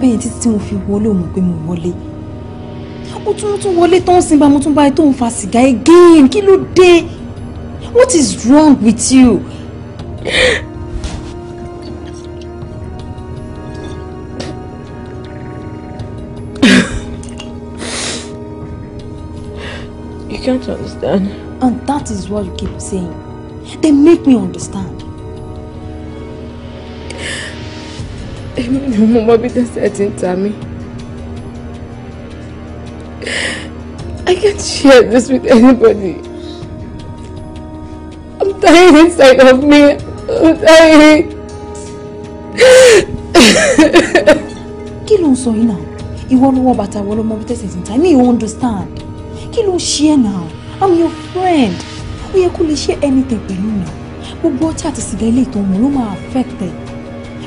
bẹ́ẹ̀ títí tí mo fi wọlé ò pé mo wọlé mo tún mo tún wọlé tó ń sinba mo tún báyìí tó ń fa sìgá again kí ló dé what is wrong with you. you can't understand. and that is what you keep saying they make me understand. èmi ni mo mọ bí tẹ́sẹ̀ ti ń ta mí. I can't share this with anybody. I'm dying inside of me. I'm dying. kí ló ń sọ yìí náà ìwọ ló wọ bàtà ìwọ ló mọ bí tẹsẹ̀ ti ń ta mi you understand kí ló ń ṣe ẹ náà I'm your friend ó yẹ kó lè ṣe anything pẹ̀lú mi gbogbo ọtí àti sìgá ilé ìtọ́ wọn ló máa affect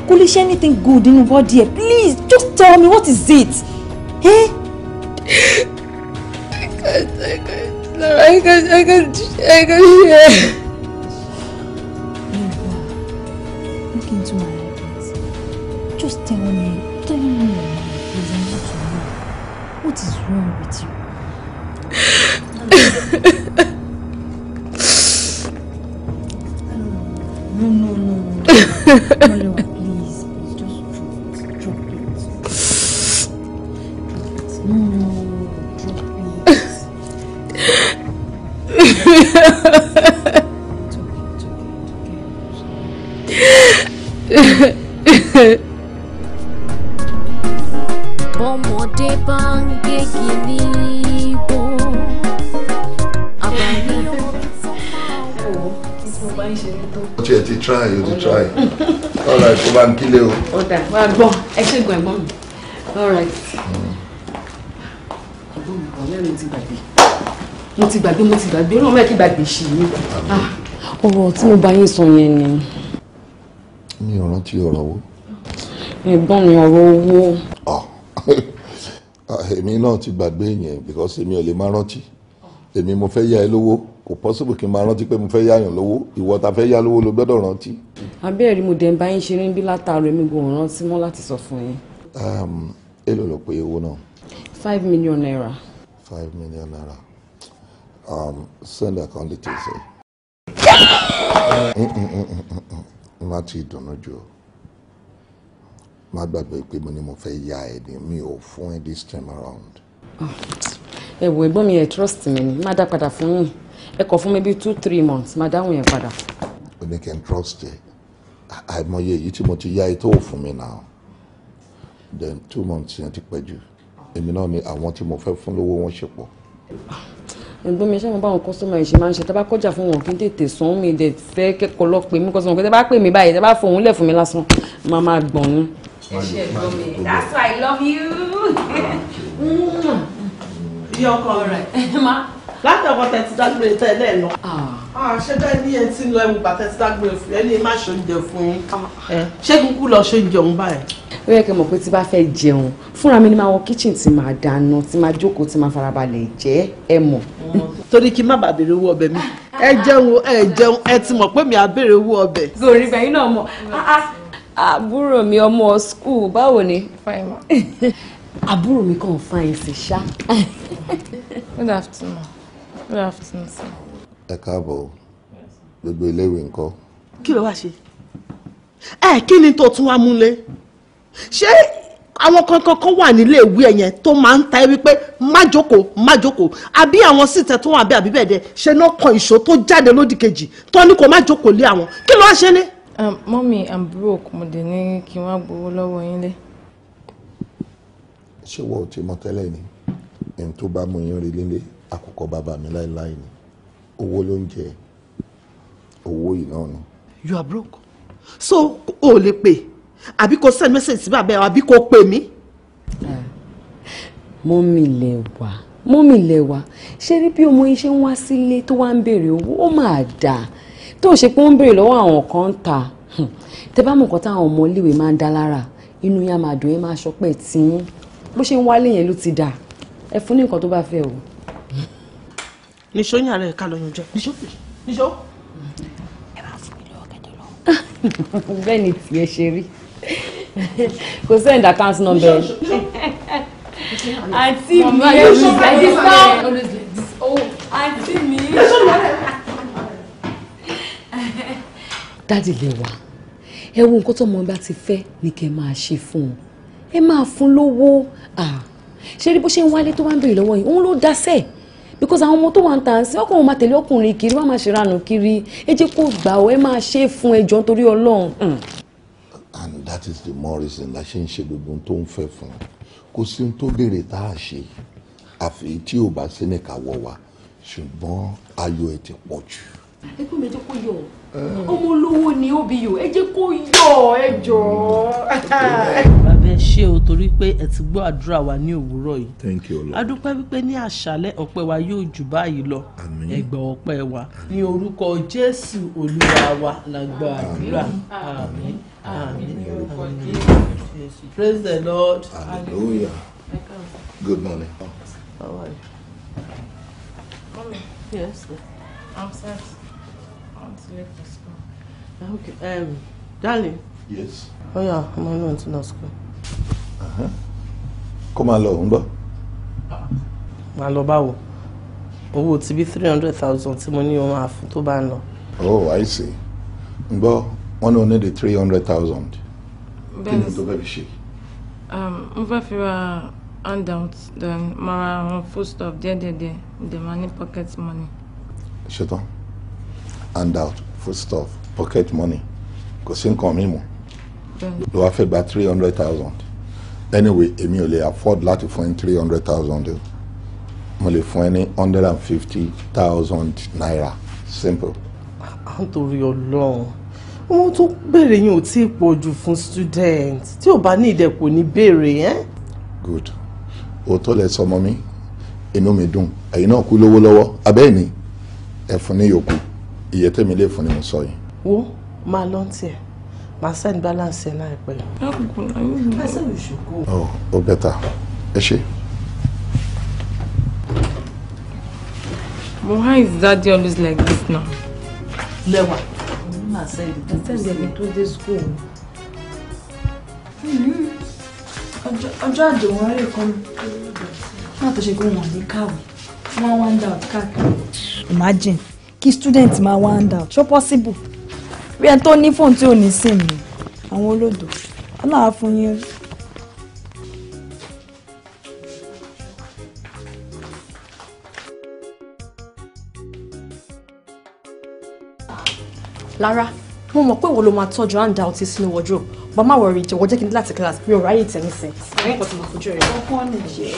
kò lè ṣe anything good nínú bọ́dí ẹ̀ please just tell me what is it. Eh? I can't, I can't, Lara, I can't, I can't, I can't hear. Look into my eyes. Just tell me, tell me, please, I need to know. What is wrong with you? no, no, no. no. Well, ẹ ṣe gan ẹ̀gbọ́n mi all right ẹ̀gbọ́n mi ọ̀rẹ́ mi ti gbàgbé mo ti gbàgbé mo ti gbàgbé ọlọ́run mẹ́ẹ̀kì gbàgbé ṣì mí ah, ọ̀rọ̀ tí mo bá yín sọ yẹn ni. mi ò rántí ọ̀rọ̀ wo. ẹ̀gbọ́n mi ọ̀rọ̀ owó. Ah, èmi náà ti gbàgbé yẹn because èmi ò lè má rántí èmi mo fẹ́ yá ẹ lówó kò possible kí n má rántí pé mo fẹ́ yá yàn lówó ìwọ ta fẹ́ yá lówó ló gbọ́dọ̀ rántí abẹ́rẹ́ mo dẹ̀ ń bá yín ṣeré bí látàárọ̀ èmi kò rántí mọ́ láti sọ fún yín. Ehm, èló ló pe owó náà. five million naira. five million naira um, send account details ẹ. Eh, eh, eh, má ti dùnú jù má gbàgbé pé mo ní mo fẹ́ ya ẹ̀ ni mi ò fún ẹ this time around. Ah, ẹ wo ẹ̀gbọ́n mi ẹ trust mi ni má dá padà fún yín ẹ kọ fún mi bíi two three months má dáhùn yẹn padà. o ní kẹ́ ń trust ẹ àìmọye èyí tí mo ti yá ètò òfin mi náà then two months yẹn ti pẹ́ jù èmi náà ni àwọn tí mo fẹ́ fún lówó wọn ṣe pọ̀. ẹ̀gbọ́n mi ṣé mo bá àwọn kọ́sọ́mà yìí ṣe máa ń ṣe tá bá kọjá fún wọn kí n tètè sàn mí dẹ̀ fẹ́ kẹ́kọ̀ọ́ lọ pé mí kọ́sọ́mà pé tá bá pè mí báyìí tá bá fòun lẹ̀ fún mi lásán máa máa gbọ̀n ní. ẹ ṣe ẹ̀gbọ́n mi that's why I love you. yọ ọkọ rẹ látọkọ tẹ ti dágbére tẹ lẹ́ẹ̀ lọ. Ah. Ah, ṣé bẹ́ẹ̀ ní ẹ ti lọ ẹ̀wù bàtẹ́ ti dágbé fún ẹ ní má ṣoúnjẹ fún yín ah. ṣé kúkú lọ ṣoúnjẹ òun báyìí. ó yẹ kí n mọ̀ pé tí bá fẹ́ jẹun fúnra mi ni máa wọ kíchìn tí máa dáná tí máa jókòó tí máa farabalẹ̀ jẹ́ ẹ mọ̀. torí kí n má bàa béèrè owó ọbẹ̀ mi ẹ jẹun ẹ jẹun ẹ ti mọ̀ pé mi à béèrè owó ọbẹ̀. gòrí gbẹ̀yìn náà mọ̀ ah, àbúrò mi ọmọ skul báwo ni. àbúrò mi kàn fáyín sí ṣá. good afternoon good afternoon sir ẹ káàbọ̀ gbogbo iléèwé ńkọ́. kí ló wá ṣe ẹ kí ni tó tún wá múlé ṣé àwọn kankan kan wà nílé ìwé ẹ̀yẹn tó máa ń ta ẹ wípé má jókòó má jókòó àbí àwọn síta tó wà bí àbí ṣe náà kan ìṣó tó jáde lódì kejì tó ní kó má jókòó lé àwọn kí ló wá ṣe lé. Um, mọ́mí i'm broke mo dé ní kí wọ́n gbowó lọ́wọ́ yín lé. ṣé wọ́n ò ti mọ tẹ́lẹ̀ ni ẹni tó bá mú yín rí lílé àkọ́kọ́ bàbá mi láéláé ni owó ló ń jẹ owó yìí ni. you are broke so o ò lè pè àbí kò send message sí bàbá ẹ àbí kò pè mí. Ah, mọ́mì lẹ wà mọ́mì lẹ wà ṣé rí bí ọmọ yìí ṣe ń wá sílé tó wá ń béèrè owó ó máa dà tó ṣe pé ó ń béèrè lọ́wọ́ àwọn kan ń ta hmm. tẹ nǹkan táwọn ọmọ máa ń dá lára inú yá máa dùn ẹ́ máa ṣọpẹ́ tí bó ṣe ń wálé yẹn ló ti dà ẹ fún ní nǹkan tó bá fẹ́ o níṣó yín ààrẹ ká lọ yànjọ níṣó níṣó. ẹ máa fún mi lọ́wọ́ kẹ́tọ́ lọ. bẹ́ẹ̀ ni tiẹ̀ ṣe rí kò send account number àǹtí mi àǹtí mi. dáàdì lè wá ẹ wo nǹkan tó mọ bá ti fẹ́ ni kẹ́ máa ṣe fún un ẹ máa fún lówó ṣé bó ṣe ń wálé tó wá ń béèrè lọ́wọ́ yìí òun ló dá because àwọn ọmọ tó wà ń ta sí ọkùnrin máa tẹ̀lé ọkùnrin kiri wọ́n máa ṣe ránù kiri ẹ jẹ́ kó gbà ọ́ ẹ máa ṣe é fún ẹjọ́ nítorí ọlọ́run. Hmm. and that is the more reason la ṣe ń ṣe gbogbo ohun tó ń fẹ́ fún kò sí ohun tó béèrè tá a ṣe àfi tí ò bá sí ní káwọ́ ṣùgbọ́n ayọ̀ ẹ ti pọ̀ jù ẹkún mi jẹ́ kó yọ ọmọ olówó ni obi yọ ẹ jẹ́ kó yọ ẹ jọ. bàbá ẹ ṣé o torí pé ẹ ti gbọ́ àdúrà wa ní òwúrọ̀ yìí thank you Lord. a dúpẹ́ wípé ní àṣálẹ́ ọpẹ́ wa yóò jù báyìí lọ ẹgbẹ́ ọpẹ́ wa ní orúkọ jésù olúwa wa la gba àdúrà àmín àmín àmín praise the lord. hallelujah good morning. How are you? Mommy. Yes. I'm set. Ah, okay. Um, darling. Yes. Oh yeah, I'm náà to lọ school. Uh-huh. Kó máa lọ òun gbọ́. Màá lọ báwo? Owó ti bí three hundred thousand tí mo ní ohun àfún tó Oh, I see. Ń gbọ́, only ní the three hundred thousand. Bẹ́ẹ̀ni. Kí ni tó fẹ́ fi ṣe? Um, mo fẹ́ fi ra handout then mara àwọn foodstuff there, dem the money, pocket money. Shut up handout foodstuff pocket money kò sí nǹkan mímu ló wá fẹ́ gba three hundred thousand anyway èmi ò lè afford láti fún ẹ three hundred thousand o mo lè fún ẹ ní hundred and fifty thousand naira simple. à ah, ń torí ọlọ́run owó tó béèrè yín ò tí ì pọ̀ jù fún student tí ò bá ní ìdẹ̀kùn ní béèrè yẹn. good òótọ́ lẹ sọmọ mi inú mi dùn ẹ̀yin náà kú lówó lọ́wọ́ abẹ́ẹ̀ ni ẹ̀fún ní yòókù iye tèmi lè fún ni mo sọ yìí. wo máa lọ tiẹ̀ máa send balance ẹ̀ láìpẹ́. lákòókò àwọn ìgbà sẹ́yìn ìṣòkò. ọ ó ẹ ṣe. But why is daddy always like this now? Lẹ́wà, òun náà send it to school. Send it to the school. Ọjọ́ àjò wọn rè kọ́ mi. Wọ́n àtọ́ṣe pé wọ́n ní káwé. Wọ́n wá ń dá ọ̀tí káàkiri. Imagine kí student máa wá hand out ṣó possible rí ẹni tó ní fóònù tí ò ní sim ni àwọn olódò ọlọ́wà fún yín. Lára mo mọ̀ pé wo ló máa tọ́jú hand out sínú wardrobe bá má wọrí jọ̀wọ́ jẹ́ kí n dé láti class mi ò ráyè tẹ̀ nísìn. ẹ̀rín kan ti fojú rẹ̀. ọkọ ni ṣe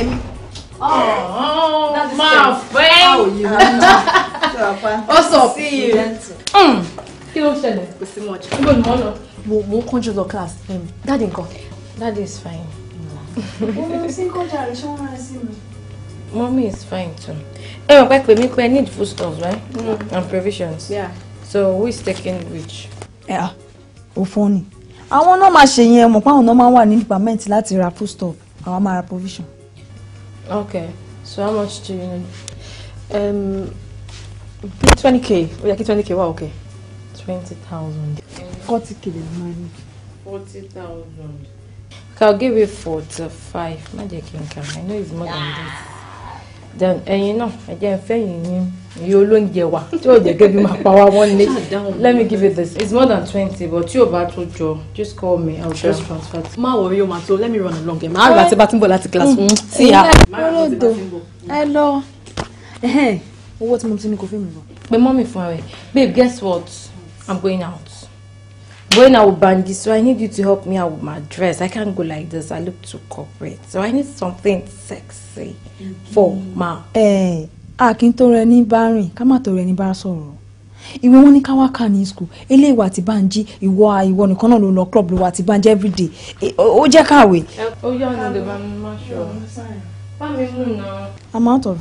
ẹ̀mí. máa fẹ́ ó sọ sí kí ló ń ṣẹlẹ̀ kò sí mọ́ọ̀jù níbo ni mo lọ. mo ń kánjú lọ class dáàdi nǹkan dáàdi is fine. mo ti ń kọjá rẹ ṣé wọ́n máa ń sí mi. mommy is fine too. ẹ mọ̀ pé pè mí pé I need foodstuffs right mm. and provisions. Yeah. so who is taking which. ẹ ah òfò ni àwọn náà máa ṣe yẹn mọ̀ pé àwọn náà máa wà ní department láti ra foodstuff àwọn máa ra provision. okay so how much do you need. Um, twenty k ó yẹ kí twenty k wà okay? twenty thousand. forty k is máa ní. forty thousand. okay i'll give you forty-five má jẹ́ kí n i know it's more than this then ẹ̀yin náà ẹ jẹ́ n fẹ́ You alone, iye olóúnjẹ Oh, they gave jẹ́ my power one wá wọ́n lé let me give you this it's more than twenty but tí o bá tó jọ just call me I'll sure. just transfer Ma, má wọrí o let me run along ẹ̀ máa rà tí bá ti ń bọ̀ láti class. Mm. ti ya. ẹ lọ owó tí mo ti ní kò fi mi lọ. pé mọ́mì fún ẹ babe guess what i'm going out going out with Banji so i need you to help me out with my dress i can't go like this i look too corporate so i need something sexy for ma. ẹ a kì í tó rẹ ní bá rìn ká má tó rẹ ní bá sọ̀rọ̀ ìwọ wọn ní káwá kà ní school eléyìí wà tí Banji ìwọ ìwọ nìkan náà ló lọ club ló wà tí Banji everyday ó jẹ́ káwé. ó yọ̀ ọ́ ní ìdìbò máa ṣọ́ ọ́ bá mi mú un náà. i'm out of.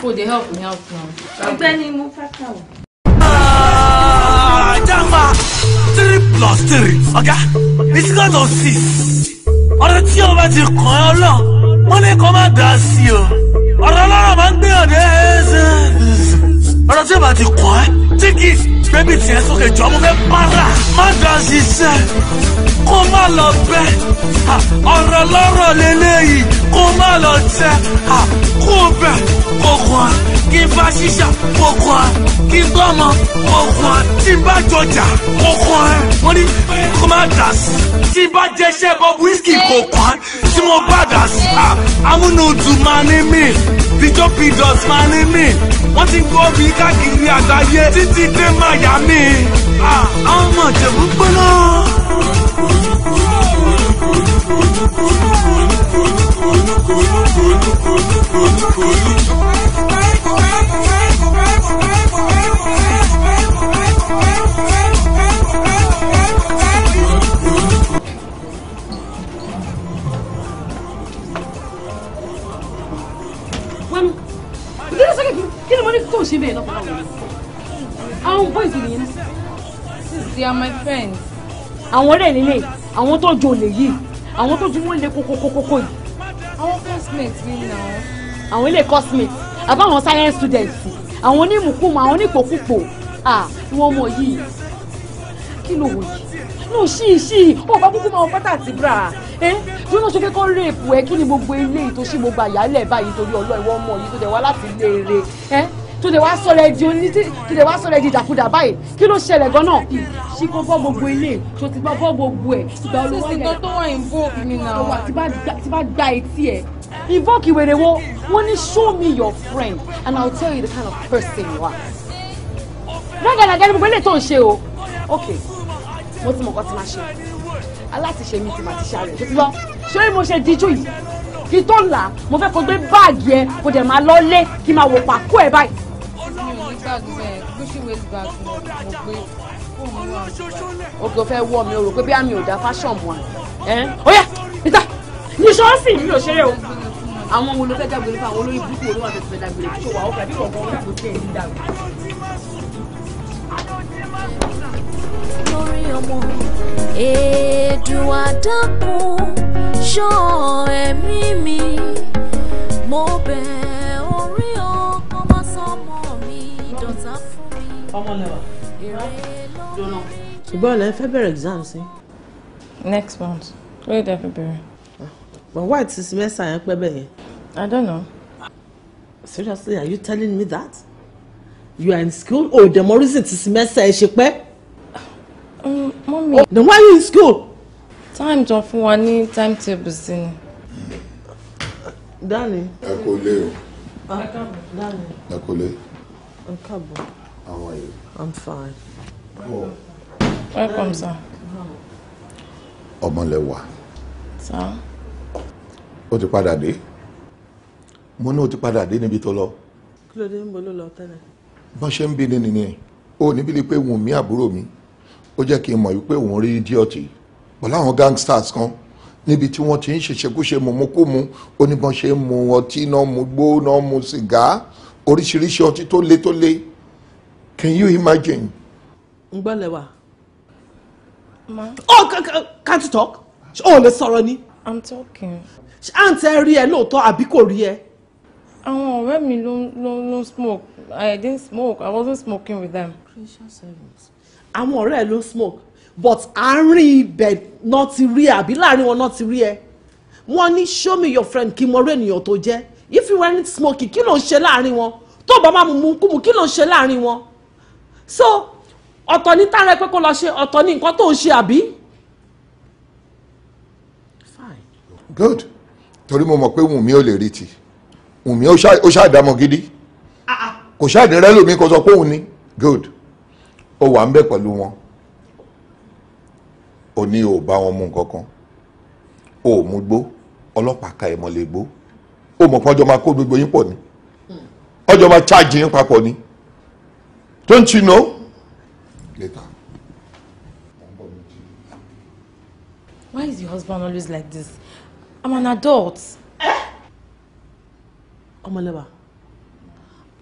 kò dé help me help now. ẹgbẹ́ ah, three plus three Okay, it's got to six ọ̀rọ̀ tí o bá ti kàn ẹ́ lọ wọ́n ní kó má dá sí o ọ̀rọ̀ ọlọ́rọ̀ máa ń gbé ọ̀dẹ́ ẹ̀ẹ́sẹ̀ ọ̀rọ̀ tí o bá ti kàn ẹ́ tíkì bébí tiẹ̀ sókè jọ mo fẹ́ para má dá ṣiṣẹ́ kó má lọ bẹ́ ọ̀rọ̀ lọ́rọ̀ lélẹ́yìí kó má lọ tẹ́ kó bẹ̀ kó kọ́ kí n bá ṣíṣà kó kọ́ kí n gbọ́mọ kó kọ́ tí n bá jọjà kó kọ́ ẹ wọ́n ní kó má dà sí tí n bá jẹ́ṣẹ́ bọ́ wíṣkì kó kọ́ tí mo bá dà sí amúnudùn máa ní mí bíjọ́pì dọ̀tí máa ní mí wọ́n ti gbó bí káàkiri àgbáyé títí dé Miami. ọmọ ìjẹ̀bú gbóná. Thank you. wọ́n ní kò ṣe bẹ́ẹ̀ lọ́pọ̀lọpọ̀ àwọn boys nìyẹn náà. sis they are my friends. àwọn ọ̀rẹ́ nílé àwọn tó jọ olè yìí àwọn tó ju wọn lé kókókókókó yìí. àwọn classmates mi nà ọ́. àwọn ilé classmates àbáwọn science students àwọn onímùkúmu àwọn onípòkúpò àwọn ọmọ yìí kí ló wò yìí nù sí sí ọba kúkú máa wọ pátá àti bra ẹ bí wọn ṣe fẹ́ kọ rèépù ẹ kí ni gbogbo ilé ìtòsí gbogbo àyálẹ̀ báyìí torí ọlọ ìwọ ọmọ yìí tó dẹ wá láti léèrè ẹ tó lè wá sọ̀rọ̀ ẹ̀dì oní tó lè wá sọ̀rọ̀ ẹ̀dì ìdàkudà báyìí kí ló ṣẹlẹ̀ gan-an ṣí kó bọ́ gbogbo ilé tó ti bọ́ gbogbo ẹ̀ ìgbà olówó yẹn tó wà invoke mi náà wà tí bá gba etí ẹ̀ invoke ìwèrè wo wọ́n ní show me your friend and i will tell you the kind of person you are. rágàdàgà ni gbogbo ilé tó ń ṣe o ok mo ti mọ̀ kọ́ ti máa ṣe aláṣìṣe mi ti máa ti ṣàrẹ̀ tó ti lọ ṣé mo ṣe díjú yìí kí tó ń là mo fẹ́ kó gbé báàgì ẹ kó dẹ̀ máa lọ lé kí máa wò pàkó ẹ báyìí bag bẹ́ẹ̀ Gucci waist mo pé fẹ́ wọ́ mi o pé bí àmì ò fashion mu à. ó yá níta ní ṣọ́ọ̀ṣì mi ò ṣeré o. àwọn wo ló fẹ́ fún àwọn olóyìn burúkú olówó àti ìfẹ́ dágbére tó wà ó kà bí wọ́n kọ́ ọ́ kò tẹ̀ lórí ọmọ èdùn àdàkùn ṣọ́ ẹ̀mí mi mo bẹ̀rẹ̀. ọmọlẹ́wà jóná. ṣùgbọ́n ọ̀lẹ́ fẹ́ bẹ̀rẹ̀ exam sí. next month ó lè dẹ́ fi but why ti semester yẹn pẹ́ bẹ́ẹ̀ yẹn. i don't know. seriously are you telling me that you are in school o oh, demo reason ti semester ẹ ṣe pẹ́. mọ́mí. Um, oh, then why are you in school. time jọ fún wa ní timetable sí ni. dani. ẹ kò lè o. ẹ kò lè. ẹ kò lè. ẹ káàbọ̀. How are you? I'm fine. Oh. Welcome, sir. Ọmọlẹ́wà. Sir. Ó ti padà dé. Mo ní ó ti padà dé níbi tó lọ. Kí ló dé ń bọ̀ ló lọ tẹ́lẹ̀? Bá ṣe ń bí ni nìyẹn. Ó níbi ni pé Wùnmí àbúrò mi. Ó jẹ́ kí n mọ̀ wípé òun rí díọ̀tì. Pẹ̀lú àwọn gangsters kan níbi tí wọ́n ti ń ṣèṣekúṣe mọ̀mọ́kúmu ó ní bọ́n ṣe ń mu ọtí náà mu gbó náà mu sìgá oríṣiríṣi ọtí tó le tó le. Can you imagine? Ngbọ́lẹ̀wà. Ma. Oh, can't you talk? O lè sọ̀rọ̀ ni. I'm talking. Àǹtí ẹ rí ẹ lóòótọ́ àbí kò rí ẹ? Àwọn ọ̀rẹ́ mi ló ló ló smoke. I didn't smoke. I wasn't smoking with them. Àwọn ọ̀rẹ́ ẹ ló smoke but àárín ibẹ̀ náà ti rí ẹ àbí láàrin wọn náà ti rí ẹ. Wọ́n ní show me your friend kí mo rí ènìyàn tó jẹ́. If you weren't smoking kí ló ń ṣe láàrin wọn? Tó o bá máa mú mú kú mu kí ló ń ṣe láàrin wọn? so ọ̀tọ̀ ní tààrà pé kó lọ ṣe ọ̀tọ̀ ní nǹkan tó ń ṣe àbí. fine. good torí mo mọ̀ pé wùnmí ò lè rí ti wùnmí ó ṣàdámọ̀ gidi ah, ah. kò ṣàdérẹ́ lómi kó sọ pé òun ni good ó wà ń bẹ̀ pẹ̀lú wọn ó ní O bá wọn mú nǹkan kan ó mú gbó ọlọ́pàá ka ẹ̀mọ́ lè gbó ó mọ̀ pé ọjọ́ máa kó gbogbo yín pọ̀ ni hmm. ọjọ́ máa ṣáàjì yín papọ̀ ni. Don't you know? Later. Why is your husband always like this? I'm an adult. Eh? Omalewa,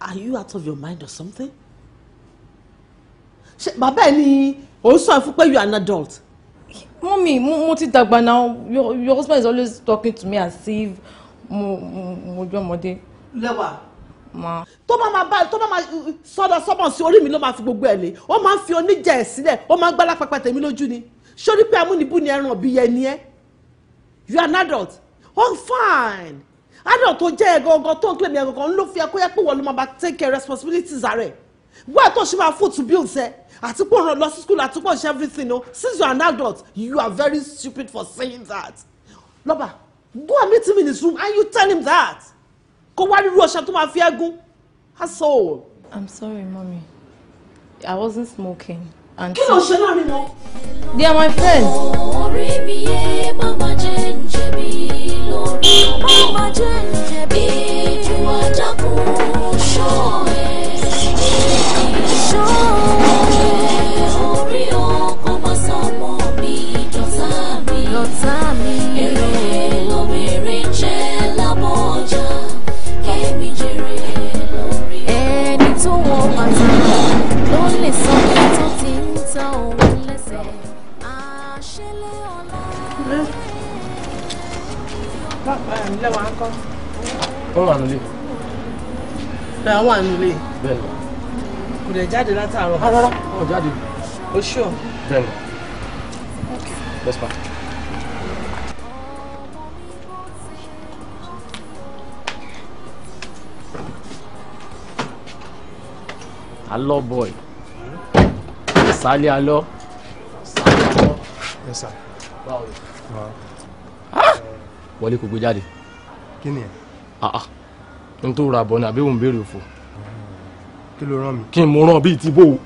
are you out of your mind or something? Ṣé Also, I ni ò you are an adult? Mọ́mí, mo ti dàgbà now. Your, your husband is always talking to me as if mo jẹ́ ọmọdé. Lẹ́wà mọ́. tó bá máa bá tó bá máa sọdọ sọmọ sí orí mi ló máa fi gbogbo ẹ lé ó máa ń fi oníjà ẹ sílẹ̀ ó máa ń gbálá pápá tèmi lójú ni sórí pé amúnibú ni ẹran òbí yẹn ni ẹ you are an adult oh fine adult tó jẹ́ ẹ̀gọ́ ọgọ́ tó ń kílẹ̀ mi ẹ̀gọ́ kan ló fi ẹkọ́ yẹ pé wọ́n ló máa bá take care responsibilities rẹ̀ wọ́n àtọ̀ ṣe máa food to build ṣe àti pé òun lọ sí school àti pé òun ṣe everything o since you are an adult you are very stupid for saying that lọ́ba go and meet him in his room and you tell him that kó wá rírú ọṣẹ tó máa fi ẹgún that's i'm sorry mommy i wasn't smoking. and kí ló ṣe láàrin wọn. they are my friends. orí mi yé bàbá jẹ́ ń jẹ́ bí lórí bàbá jẹ́ ń jẹ́ bí ju ajá kú ṣọ́ ẹ̀ nílé wọ́n wà nílé. bẹ́ẹ̀ wà nílé. bẹ́ẹ̀ ni. kò dẹ̀ jáde látàárọ̀. Ah, rárá wọn jáde. o ṣù bẹ́ẹ̀ ni. best part. alọ boy sálẹ alọ sálẹ alọ. Yes sir. Báwo. Ah! Wọlé kò gbé jáde kí ni ẹ. àà ah, ah. n tó ra bọ̀ ni àbí òun béèrè fò. Ah, kí ló rán mi. kí n mo rán bíi ti bò ó.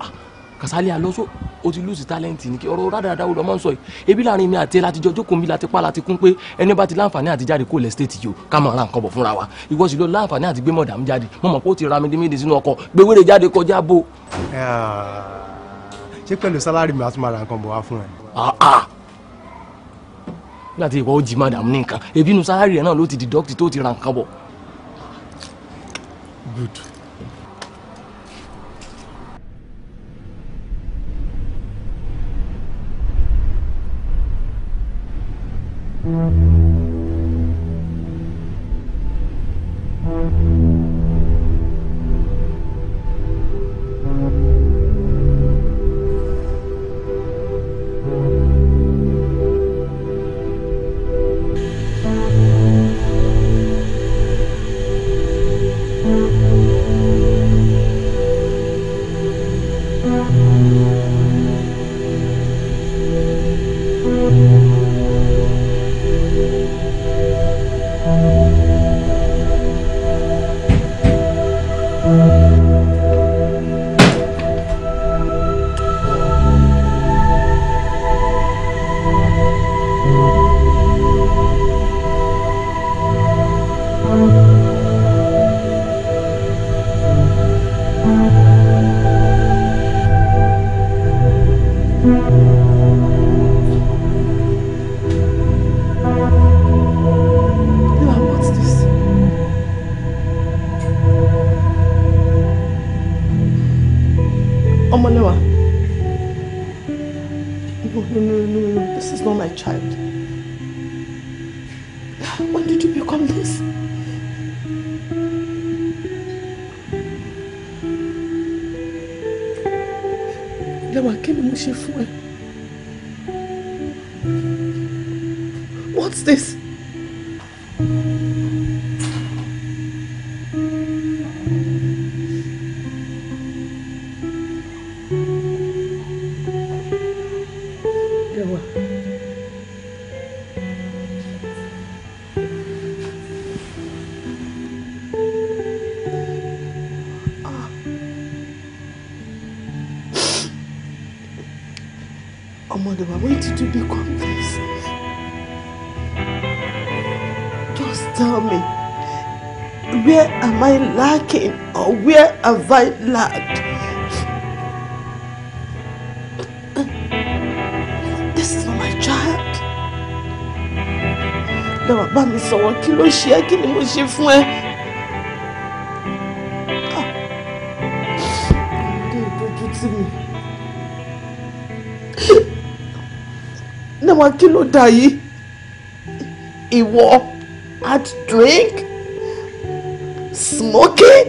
Kasali Alonso o ti lose talent ni kí ọ̀rọ̀ rádàdà ó máa ń sọ yìí ebi láàrin mi àti ẹ láti jọ jókòó mi láti pa láti kún pé ẹni bá ti láǹfààní àti jáde kó lẹ̀ stéètì yìí o ká máa ra nǹkan bọ̀ fúnra wa ìwọ sì lọ láǹfààní àti gbé mọ̀dàmú jáde mo mọ̀ pé ó ti ra mídímídì sínú ọkọ̀ gbé wéré jáde kọjá bó. ṣé pẹ̀lú sálárì mi a tún máa ra nǹkan bọ̀ wá fún ẹ nígbà tí ìwọ ó jí madam ní nǹkan ebi inú sáárì ẹ náà ló ti deduct tó ti ra nǹkan bọ̀. good. thank mm-hmm. you to become this? Just tell me, where am I lacking or where have I lacked? This is my child. Lọ bàbá mi sọ̀rọ̀ kí kilo ṣe é kí ni mo wa kí ló dà yìí ìwọ hard drink smoking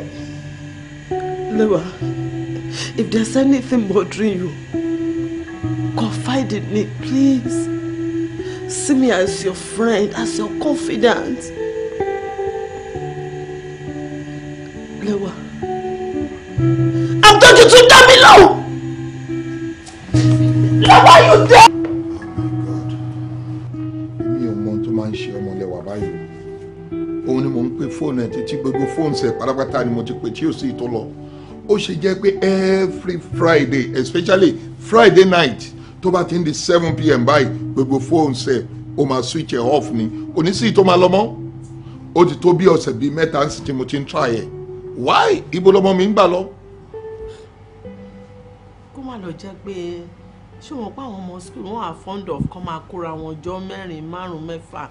Lewa, if there's anything bothering you confide in me please see me as your friend as your confidant Lewa, I'm going to tell me now. phones ẹ̀ pátápátá ni mo ti pè tí O sí ìtò lọ ó ṣe jẹ́ pé every friday especially friday night tó bá ti ń di seven pm báyìí gbogbo phones ẹ̀ o máa switch off ni kò ní sí ìtò máa lọ mọ́ ó ti tó bí ọ̀sẹ̀ bíi mẹ́ta ń sì tí mo ti ń try ẹ̀ why ibo lọmọ mi ń gbà lọ. kó má lọ jẹ́ pé ṣé wọn pa àwọn ọmọ school wọn are fond máa kóra wọn jọ mẹ́rin márùn mẹ́fà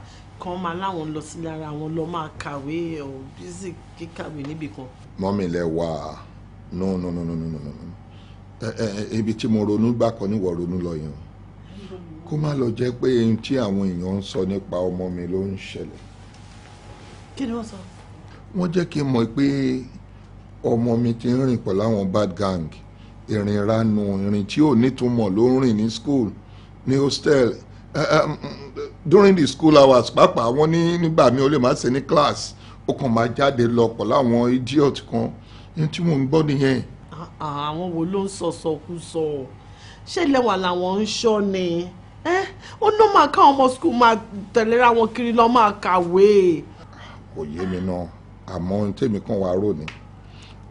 kán máa láwọn lọ sí lára àwọn lọ máa kàwé ọ bísí kíkàwé níbì kan. mọ́mí lẹ wà no no no no no no no ibi tí mo ronú gbà kan níwọ̀ ronú lọ yẹn kó má lọ jẹ́ pé ohun tí àwọn èèyàn ń sọ nípa ọmọ mi ló ń ṣẹlẹ̀. kí ni wọ́n sọ. wọ́n jẹ́ kí n mọ̀ pé ọmọ mi ti ń rìn pọ̀ láwọn bad gang ìrìn ìranù ìrìn tí ò nítumọ̀ ló ń rìn ní school ní hostel eh, eh, mm, during the school hours pàápàá wọ́n ní nígbà mi ò lè má ṣe ní class ó kàn máa jáde lọ pọ̀ láwọn idiot kan ní tí mò ń gbọ́ nìyẹn. Ah, ah, àwọn wo ló ń sọ sọkúsọ ṣé lẹ́wà làwọn ń ṣọ́ ni eh, ó ló máa ká ọmọ skul máa tẹ̀léra wọn kiri lọ máa kàwé. kò yé mi náà àmọ́ tèmi kan wàá rò ni.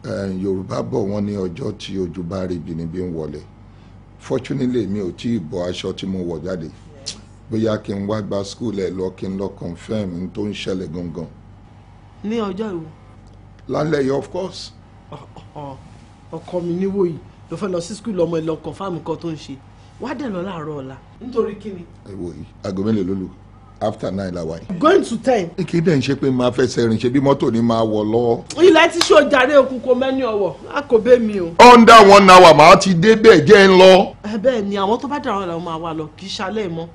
Eh, yorùbá bọ̀ wọ́n ní ọjọ́ tí ojú bá rí ibi níbi ń wọlé fortunately mi ò tí ì bọ́ aṣọ tí mo wọ̀ jáde bóyá kí n wá gba school ẹ̀ lọ kí n lọ confirm n tó ń ṣẹlẹ̀ gangan. ní ọjọ́ ìwò. lálẹ́ yìí of course. ọkọ mi níwò yìí ló fẹ́ lọ sí school ọmọ ẹ̀ lọ confirm nǹkan tó ń ṣe wá dẹ̀ lọ láàárọ̀ ọ̀la nítorí kí ni. ẹ wò yìí aago mélòó ló after nine la wa yìí. going to ten. kí dẹ̀ ń ṣe pé máa fẹsẹ̀ rìn ṣe bí mọ́tò ni máa wọ̀ lọ. ilẹ̀ ti ṣó jàre òkú kò mẹ́ni ọ̀wọ̀ a kò bẹ́ mi o. under one hour màá ti dé bẹ́ẹ̀ jẹ́ ń lọ. bẹ́ẹ̀ ni àwọn tó bá dàrọ̀ làwọn máa wà lọ kì í ṣalẹ̀ mọ́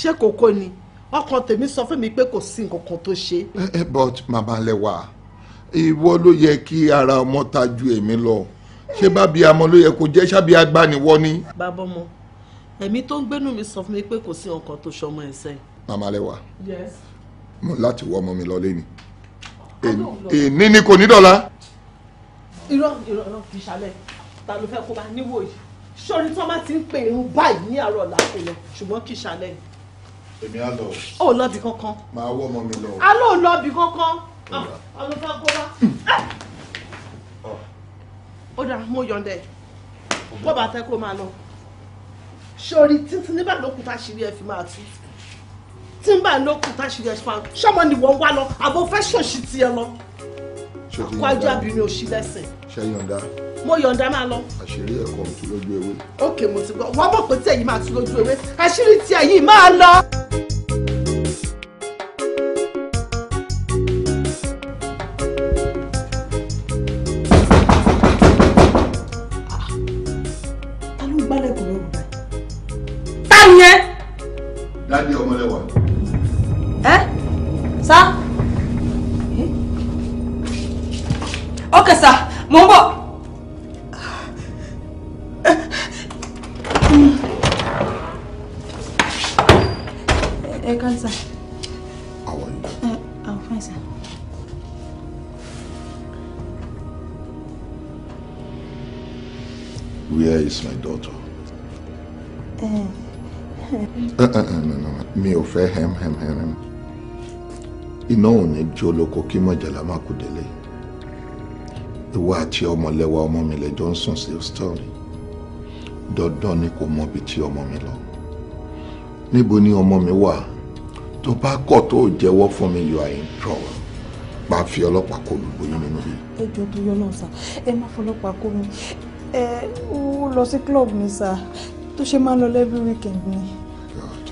ṣé kókó ni ọkàn tèmi sọ fún mi pé kò sí nǹkan kan tó ṣe. Eh, eh, but màmá lẹ́wà ìwọ ló yẹ kí ara ọmọ ta ju èmi lọ ṣé bábí amọ ló yẹ kó jẹ ṣábí agbaniwọ ni. bàbá ọmọ ẹ̀mí tó ń gbénú mi sọ fún mi pé kò sí nǹkan tó ṣọmọ ẹ̀sẹ̀ màmá lẹ́wà mo láti wọ ọmọ mi lọ lẹ́ni ah, èní ni kò ní dọ̀la. irọ́ irọ́ náà fi ṣàlẹ̀ ta ló fẹ́ kó bá níwò yìí sórí tí wọ́n bá ti ń pè irun báyìí ní àárọ̀ làákò lọ ṣùgbọ́n kì í ṣàlẹ̀. èmi á lọ. ó lọ bí kankan. màá wọ ọmọ mi lọ. a ló lọ bí kankan. Ah, a ló fẹ́ kó bá. Ah! ó dáa mo yọ̀ǹda ẹ̀ kó bàtẹ́ kó máa lọ sórí títí nígbà lókùtà ṣírí ẹ fi máa tú tí n bá ní okùn tá a ṣe yẹ fún un ṣọmọ ni wọn wá lọ àbò fẹ́ ṣòṣì tiẹ lọ àkó ajé abirin òṣì lẹ́sẹ̀. ṣe yọ̀ǹda. mo yọ̀ǹda máa lọ. àṣírí ẹ̀kọ́ mi tún lójú ewé. ókè mo ti gbọ́ wọ́n mọ̀ pé tí ẹ̀yin máa tún lójú ewé àṣírí tí ẹ̀yin máa lọ. iná ò ní jó olóko kí mọ̀jàlá má kú délé ìwọ àti ọmọlẹ́wà ọmọ mi lẹ́jọ́ ń sùn sí stọ́ọ̀rì dandan ni kò mọbi tí ọmọ mi lọ níbo ni ọmọ mi wà tó bá kọ̀ tó jẹ́wọ́ fún mi you are in trouble pa fi ọlọ́pàá kò lùgbò yín nínú yìí. ẹ jọ tó yọ náà sá ẹ má fọlọ́pàá kó mi ẹ ó lọ sí club mi sá tó ṣe máa ń lọ lẹ́bí weekend ni. God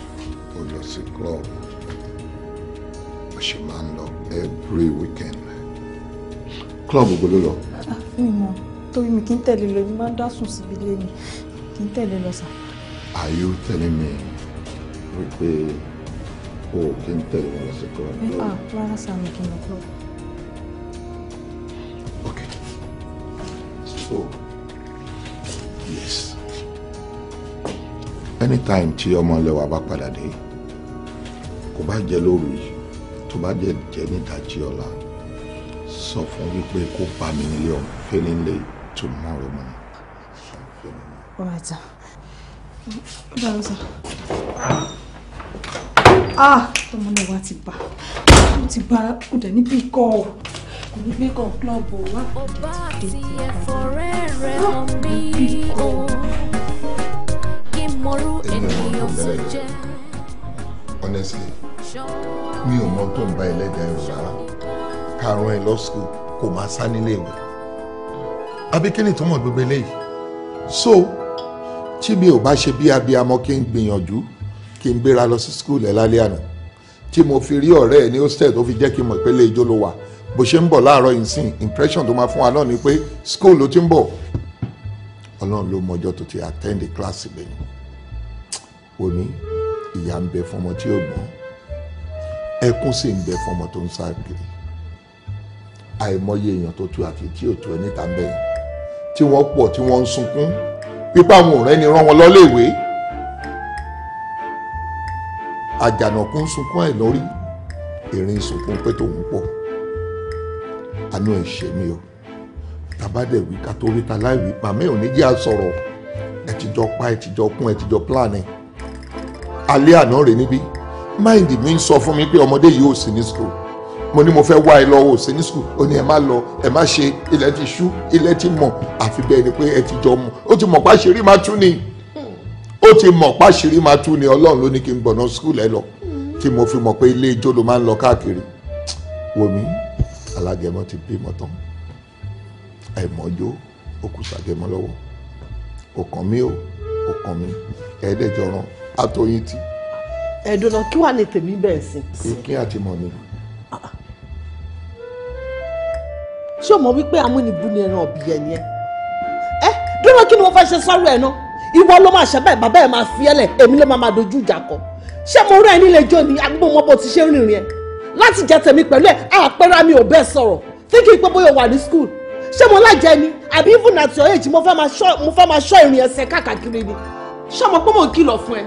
ó lọ sí club. every weekend. club gbogbo ló lọ. Ah, mi mọ̀ torí mi kì í tẹ̀lé lọ mi máa ń dásùn síbi ilé mi kì í tẹ̀lé lọ sà. are you telling me wípé o kì í tẹ̀lé lọ sí club. Eh, ah, rárá sà mi kì í lọ club. okay so yes anytime tí ọmọ ilé wa bá padà dé kò bá jẹ́ lóru yìí tó bá jẹ jẹ nídàjí ọ̀la sọ fún wípé kó bá mi nílé ọ̀hún feeling late tomorrow morning. all right sir. báwo sir. ah tọmọ náà wá ti bá ó ti bá kò dẹ̀ níbi ikọ̀ o kò ní gbé kan club o wá. ọba àti ẹ̀fọ́ rẹ̀ rẹ̀ hàn ah, mí o kí mọ̀rú ènìyàn tó jẹ́. honestly mi ò mọ tó ń bá ẹlẹ́dàá ẹ̀rù rárá karùn-ún ẹ̀ lọ́sùkù kò máa sá nílé ìwé abíkẹ́lẹ̀ tó mọ̀ gbogbo eléyìí so tí mi ò bá ṣe bí abiyamọ kí n gbìyànjú kí n gbéra lọ sí skul ẹ̀ lálẹ́ àná tí mo fi rí ọ̀rẹ́ ẹ̀ ní hostel tó fi jẹ́ kí n mọ̀ ìpele ìjó ló wà bó ṣe ń bọ̀ láàárọ̀ yìí sìn impression tó máa fún wa náà ni pé skul ló ti ń bọ̀ ọlọ́run ló mọjọ́ tó ti attend the class ìgbẹ̀yìn òní ìyá ń bẹ fún ọmọ tí ó gbọ́n ẹkún sì ń bẹ fọmọ tó ń sáré kiri àìmọye èèyàn tó tu àti tí ò tu ẹ níta ń bẹyìn tí wọ́n pọ̀ tí wọ́n ń sunkún pípa àwọn ọ̀rẹ́ ni rán wọn lọ́lẹ́wé àjànàkú ń sunkún ẹ̀ lórí ìrìn sunkún pé tòun pọ̀ àánú ẹ̀ ṣe mí o tàbádẹ̀ wí ká tó rí ta láì wí màmá ò ní jẹ́ àsọ̀rọ̀ ẹ̀ ti jọ pa ẹ̀ ti jọ kún ẹ̀ ti jọ pílánì alẹ́ àná rèé níbí mind mi ń sọ fún mi pé ọmọdé yìí ò sí ní school mo ní mo fẹ́ wá ẹ lọ́wọ́ ò sí ní school ó ní ẹ má lọ ẹ má ṣe ilẹ̀ ti ṣú ilẹ̀ ti mọ̀ àfi bẹ́ẹ̀ ni pé ẹ ti jọ mu ó ti mọ̀ pa ṣeré máa tú ni ó ti mọ̀ pa ṣeré máa tú ni ọlọ́run ló ní kí n gbọ̀nà school ẹ lọ tí mo fi mọ̀ pé ilé ijó ló máa ń lọ káàkiri wò mí alágẹmọ ti bímọ tán àìmọjó òkùsàgẹmọ lọ́wọ́ òkàn mi ò òkàn mi ẹ̀ẹ́dẹ̀jọ̀ràn àtọyìn tí ẹ̀dùn náà kí wàá ní tèmi bẹ́ẹ̀ sí. ìpín àti mọ̀ ni. ṣé o mọ̀ wípé amúnibú ni ẹran ọ̀bì yẹn ni ẹ. ẹ dúró kí ni mo fẹ́ ṣe sọ́rọ̀ ẹ̀ náà ìwọ ló máa ṣe bẹ́ẹ̀ bàbá ẹ̀ máa fi ẹlẹ̀ èmi ló máa máa dojú ìjà kọ. ṣé mo rẹ́ ẹ nílé ijó ni agbó mọ́ bó ti ṣe ń rìnrìn ẹ̀ láti jẹ tèmi pẹ̀lú ẹ̀ àpẹẹrẹ mi ò bẹ́ẹ̀ sọ̀rọ̀ thinking pé bóyá wà ní school ṣé mo lájẹ ni àbí even at your age mo fẹ́ máa ṣọ́ ìrìn ẹsẹ̀ káàkiri ni ṣé mo pé mo kìlọ̀ fún ẹ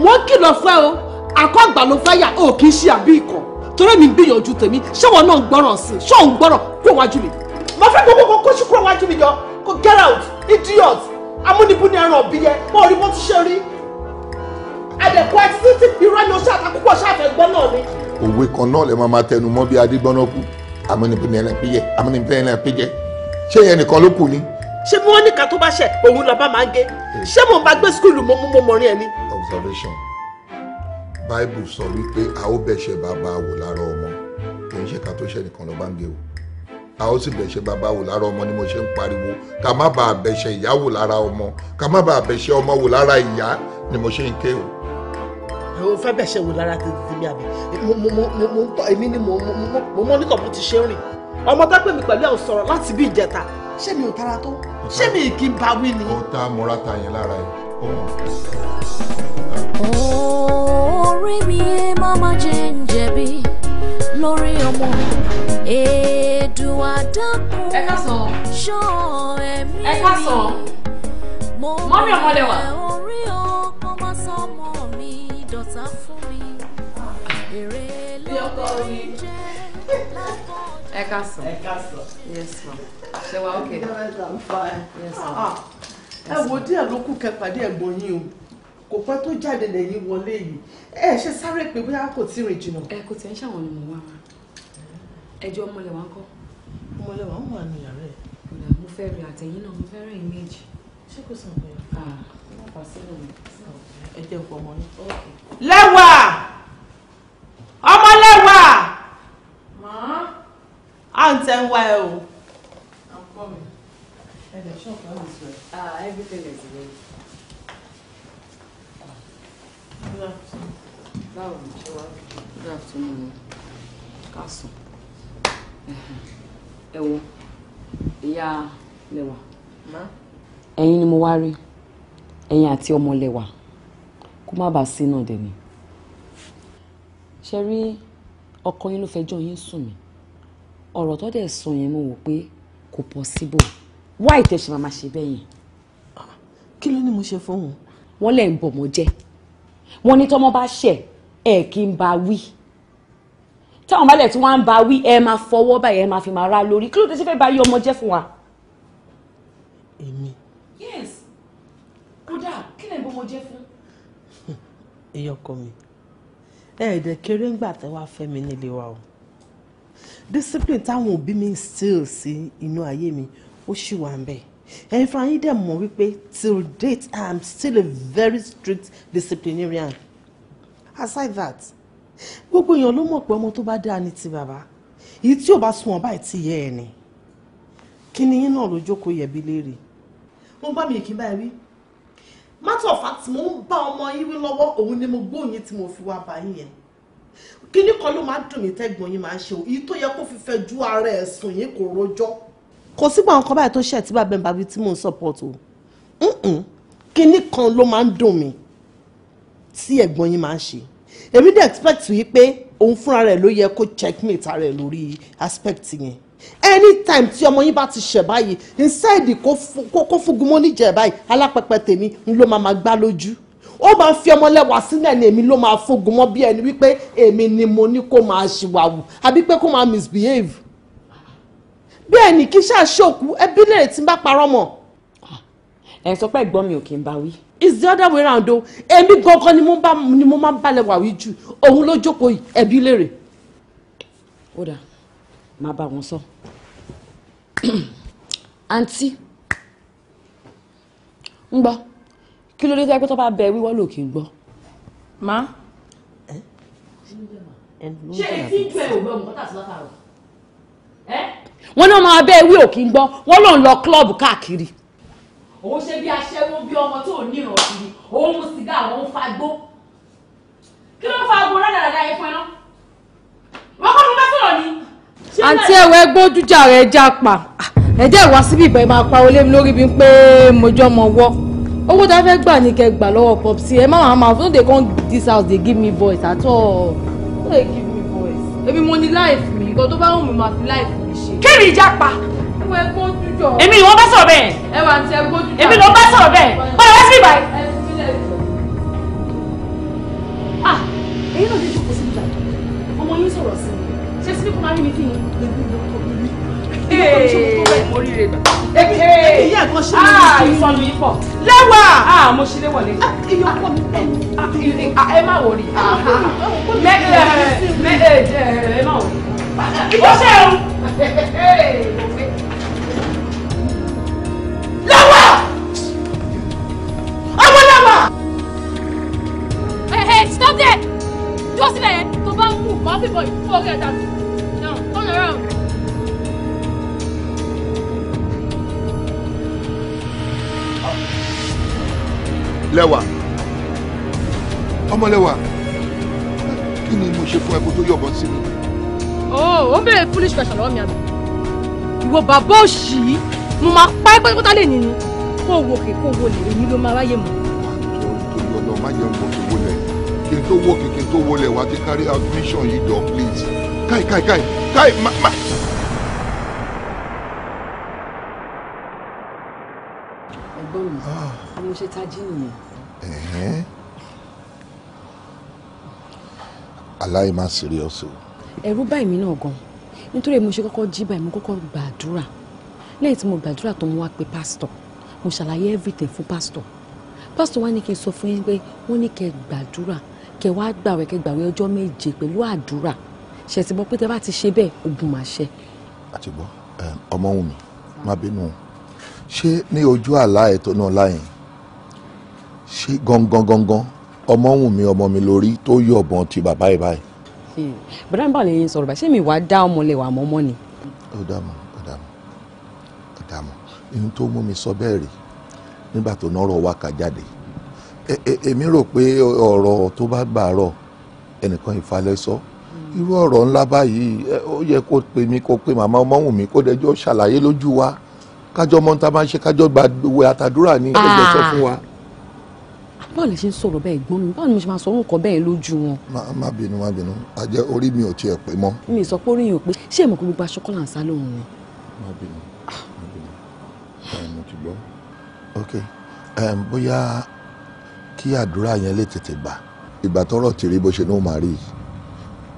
wọ́n kìlọ̀ fún ẹ o akọ àgbà ló fẹ́ yà ó kì í ṣe àbí ikọ̀ torí mi ń gbìyànjú tèmi ṣé wọn náà ń gbọ́ràn sí i ṣé òun gbọ́ràn kó wájú mi. mo fẹ́ gbogbo kó ṣí kúrò wájú mi jọ kó get out idiot amúnibúni ẹran ọ̀bí yẹn mo rí bó ti ṣe rí àdẹ̀kọ́ ẹ títí ti fi rán mi ọṣẹ àtàkùkọ ṣáfẹ́ gbọ́ náà ni. òwe kan náà lè máa máa tẹnu mọ́ bí adigbọ́nà kú amúnibúni ẹran pẹ́yẹ amúnibúni ẹran pẹ́yẹ ṣé yẹn nìkan ló kù ni ṣé bí wọ́n tó bá ṣẹ̀ òun làbá máa ń gé eh. ṣé mò ń bá gbé skúlù mo mú mo mọ̀ rí ẹ observation bible sọ wípé a ó bẹ̀ṣẹ̀ bàbá wò lára ọmọ kì í ṣe ká tó ṣẹ̀ nìkan ló bá ń gé o a ó sì bẹ̀ṣẹ̀ bàbá wò lára ọmọ ni mo ṣe ń pariwo ká má bàa bẹ̀ṣẹ̀ ìyá wò lára ọmọ ká má bàa bẹ̀ṣẹ̀ ọmọ wò lára ìyá ni mo ṣe ń ké o o fẹ́ bẹ̀ṣẹ̀ wò lára tèmi àbí èmi ni mo mọ́nítọ̀ bó ti ṣe ń rìn ọmọ tápẹ́ mi pẹ̀lú ẹ̀ ń sọ̀rọ̀ láti bí ìjẹta ṣé mi ò tara tó ṣé mi kì í ba wí ni. ó ta múra ta yẹn lára ẹ orí mi ẹ má má jẹ lórí ọmọ èèdùn àdàkùn ṣọ ẹ̀mí mi mọ́mí ọmọlẹ́wà. orí ọkọ má sọ mọ́ mi dọ̀tá fún mi ah. èrè ló ń jẹ́. É káàsán. É káàsán. Yes ma. Ṣé wa okay? Yes ma. Ah. Yes ma. Ẹ wo díẹ̀ ló kù kẹ́ pàdé ẹ̀gbọ́n yín o. Kò pẹ́ tó jáde lẹ́yìn wọlé yìí. Ẹ ṣe sáré pé bóyá kò tí ì rìn jìnnà. Ẹ kò tẹ̀ ń ṣàwọn ni mò ń wá wa. Ẹjọ́ ọmọlẹ̀ wa ń kọ́. Ọmọlẹ̀ wa ń wà ní yàrá ẹ̀. Kódà mo fẹ́ rí àtẹ̀yìn náà, mo fẹ́ rẹ̀ méjì. Ṣé kò sàn pé? Ah, Ẹ jẹ́ ọ̀pọ̀ ọmọ náà. Lẹ́wà! àǹtẹ ń wá ẹ o. Ah, everything is ready. Good afternoon. Good afternoon. Kásùn. Ẹ wo, ìyá lẹ́wà. Ẹ̀yin ni mo wá rí. Ẹ̀yin àti ọmọ lẹ́wà. Kó má bàa sínú ọ̀dẹ̀ ni. Ṣé rí ọkọ yín ló fẹjọ́ ọ̀rọ̀ tó dẹ̀ sọ yẹn mo wò pé kò possible why ìtẹ̀sí màmá ṣe bẹ́ẹ̀ yẹn. Ah, kí ló ní mo ṣe fóun. wọ́n lẹ̀ ń bọ̀ mọ́ jẹ́ wọ́n ní tọ́mọ bá ṣẹ̀ ẹ̀ kí n bá wí táwọn balẹ̀ tí wọ́n ń bá wí ẹ máa fọwọ́ báyìí ẹ máa fi máa ra lórí kí ló dé sí fẹ́ bá yí ọmọ jẹ́ fún wa. èmi. yes kódà kí lè bọ́mọ jẹ́ fún. èyí hm, ọkọ mi ẹ ẹ̀ dẹ̀ kéré ńgbà tẹ́ wàá fẹ́ mi nílé wa o discipline táwọn òbí mi still sí inú ayé mi ó ṣì wà ń bẹ̀ ẹ̀yin fúnra yín dẹ̀ mọ̀ wípé till date I am still a very strict disciplinarian aside that gbogbo èèyàn ló mọ̀ pé ọmọ tó bá dáa ní ti bàbá èyí tí ò bá sun ọba ẹ̀ yẹ ẹ̀ ni kí ni yín náà ló jókòó yẹ̀bi léèrè. mo bá mi èkì báyìí rí matter of fact mo ń bá ọmọ yín lọ́wọ́ òun ni mo gbóyin tí mo fi wá bá yín yẹn kíní kan ló máa ń dùn mí tẹ́gbọ̀n yín máa ṣe o èyí tó yẹ kó fi fẹ́ ju ara ẹ̀ sùn yín kò rojọ́. kò sígbà nǹkan báyìí tó ṣẹ̀ tí bàbá mi bàbí tí mò ń support o kíní kan ló máa ń dùn mí tí ẹ̀gbọ́n yín máa ṣe èmi dẹ̀ expect yìí pé òun fúnra rẹ̀ ló yẹ kó checkmate ara ẹ̀ lórí aspect yẹn anytime tí ọmọ yín bá ti ṣẹ̀ báyìí inside kó fúngun mọ́ níjẹ̀ báyìí alápẹ̀pẹ̀ tèmi ń ló máa máa gbá lójú ó máa ń fi ọmọlẹ́wà sílẹ̀ ni èmi ló máa fógun mọ́ bí ẹni wípé èmi ni mo ní kó máa ṣìwàwù àbí pé kó máa misbehave bẹ́ẹ̀ ni kí ṣáà ṣòkú ẹbí lè ti bá parọ́ mọ́. ẹ sọ pé ẹ̀gbọ́n mi ò kí n bá wí. it's the other way round o èmi gangan ni mo máa ń balẹ̀ wàwí jù òun ló jókòó yìí ẹbí lèrè. ó dà máa bá wọn sọ. àǹtí ń gbọ́ kí ló dé tẹ́ pé tó bá bẹ wíwọ́ lò kí n gbọ́ má. ṣé etí ń tún ẹ̀ ò gbọ́ nǹkan tàbí látàrọ̀ ẹ́. wọ́n náà máa bẹ ewé ò kí n gbọ́ wọ́n lòun lọ kílọ̀bù káàkiri. òun ṣe bí aṣẹ́wó bí ọmọ tó níran kiri òun mu sìgá àwọn ń fagbó kí ló ń fa agbo rádaràdà yẹn fún ẹ náà wọ́n kọ́ ló bá sọ̀rọ̀ ni. àǹtí ẹ̀wẹ̀ gbójújà rẹ̀ já pa ẹ̀jẹ̀ ìwá síbí ìbẹ̀ máa pa olé mi lórí bí pé mo jọ́ mọ wọ́ owó tá a fẹ́ gbà ní kẹ́ gbà lọ́wọ́ popsi ẹ má máa ma no dey come this house dey give me voice at all no dey give me voice èmi mo ní life mi nǹkan tó bá wù mí máa fi life mi ṣe. kí ni ìjà pa. ẹwà ẹgbẹ́ ojú jọ. èmi ni wọ́n bá sọ̀rọ̀ bẹ́ẹ̀. ẹwà àti ẹgbẹ́ ojú jọ. èmi ni wọ́n bá sọ̀rọ̀ bẹ́ẹ̀. bọ́lá wá síbí báyìí. ah èyí náà dé jókòó sí ìjà ọmọ yín sọ̀rọ̀ sí mi ṣé síbí kò máa rí mi kí n lè gbé Ah, ẹ̀kọ́ ṣe é ìsọnù yìí pọ̀. lẹ́wà. a ah, mo ṣe léwọ̀ lẹ́yìn. Ah, iye ọkọ mi pẹ̀. Ah, ẹ má wọrí. mẹ́ẹ̀ẹ́dẹ́ẹ̀ẹ́ ẹ má ọ̀rọ̀ mi àbí ìwọ bàbá òṣì mo máa pa ẹ́ pátápátá lè nìyí kó wo kè kó wo lè èmi ló máa ráyè mọ́. torí ọ̀nà má jẹun kò tó wọlé kí n tó wọ kí n tó wọlé wá ti carry out mission yìí dọ̀ please káì káì káì káì má má. ẹ̀gbọ́n mi ah. bí mo ṣe tají nìyẹn. aláì má serious o. ẹ̀rù bá èmi náà gan-an nítorí mo ṣe kọ́kọ́ jí báyìí mo kọ́kọ́ gbàdúrà lẹ́yìn tí mo gbàdúrà tó mo wá pe pásítọ̀ mo ṣàlàyé everything fún pásítọ̀ pásítọ̀ wá ní kí n sọ fún yín pé wọ́n ní kẹ́ gbàdúrà kẹ́ wá gbàwẹ̀ kẹ́ gbàwẹ̀ ọjọ́ méje pẹ̀lú àdúrà ṣe ti gbọ́ pé tẹ́ bá ti ṣe bẹ́ẹ̀ ogun máa ṣẹ. àti gbọ́ ọmọ wù mí má bínú ṣé ní ojú àlá ẹ̀ náà láyìn ṣé gangan gangan ọmọ wù ọmọ mi lórí tó yọ̀bọ̀n bọ̀dá mi báwo lè yín sọ̀rọ̀ báyìí ṣé mi wàá dá ọmọ lẹ̀ wà mọ́mọ́ ni. ó dààmú ó dààmú ó dààmú ihun tó mú mi sọ bẹ́ẹ̀ rí nígbà tó nọ́rọ̀ wá ká jáde e, e, èmi rò pé ọ̀rọ̀ tó bá gbàárọ̀ ẹnìkan ìfalẹ̀ sọ irú ọ̀rọ̀ ńlá báyìí ó yẹ kó pe mi kó pe màmá ọmọ wù mí kó dẹjọ́ ṣàlàyé lójú wa kájọ́ mọ́ta máa ń ṣe àtàdúrà ní ẹgbẹ́ sọ ah. fún wa báwo lè ṣe ń sọ̀rọ̀ bẹ́ẹ̀ gbọ́n mi báwo ni mo ṣe máa sọ̀rọ̀ nǹkan bẹ́ẹ̀ lójú wọn. má bínú má bínú àjẹ orí mi ò tiẹ̀ pé mọ́. mi sọ pé orí ò pé ṣé èèmọ̀ pé gbogbo aṣọ kọ́là ń sá lóhùn ni. má bínú má ah. bínú báyìí mo ti gbọ́. ok um, bóyá kí àdúrà yẹn lè tètè gbà ìgbà tọrọ ti rí bó ṣe ní ó máa rí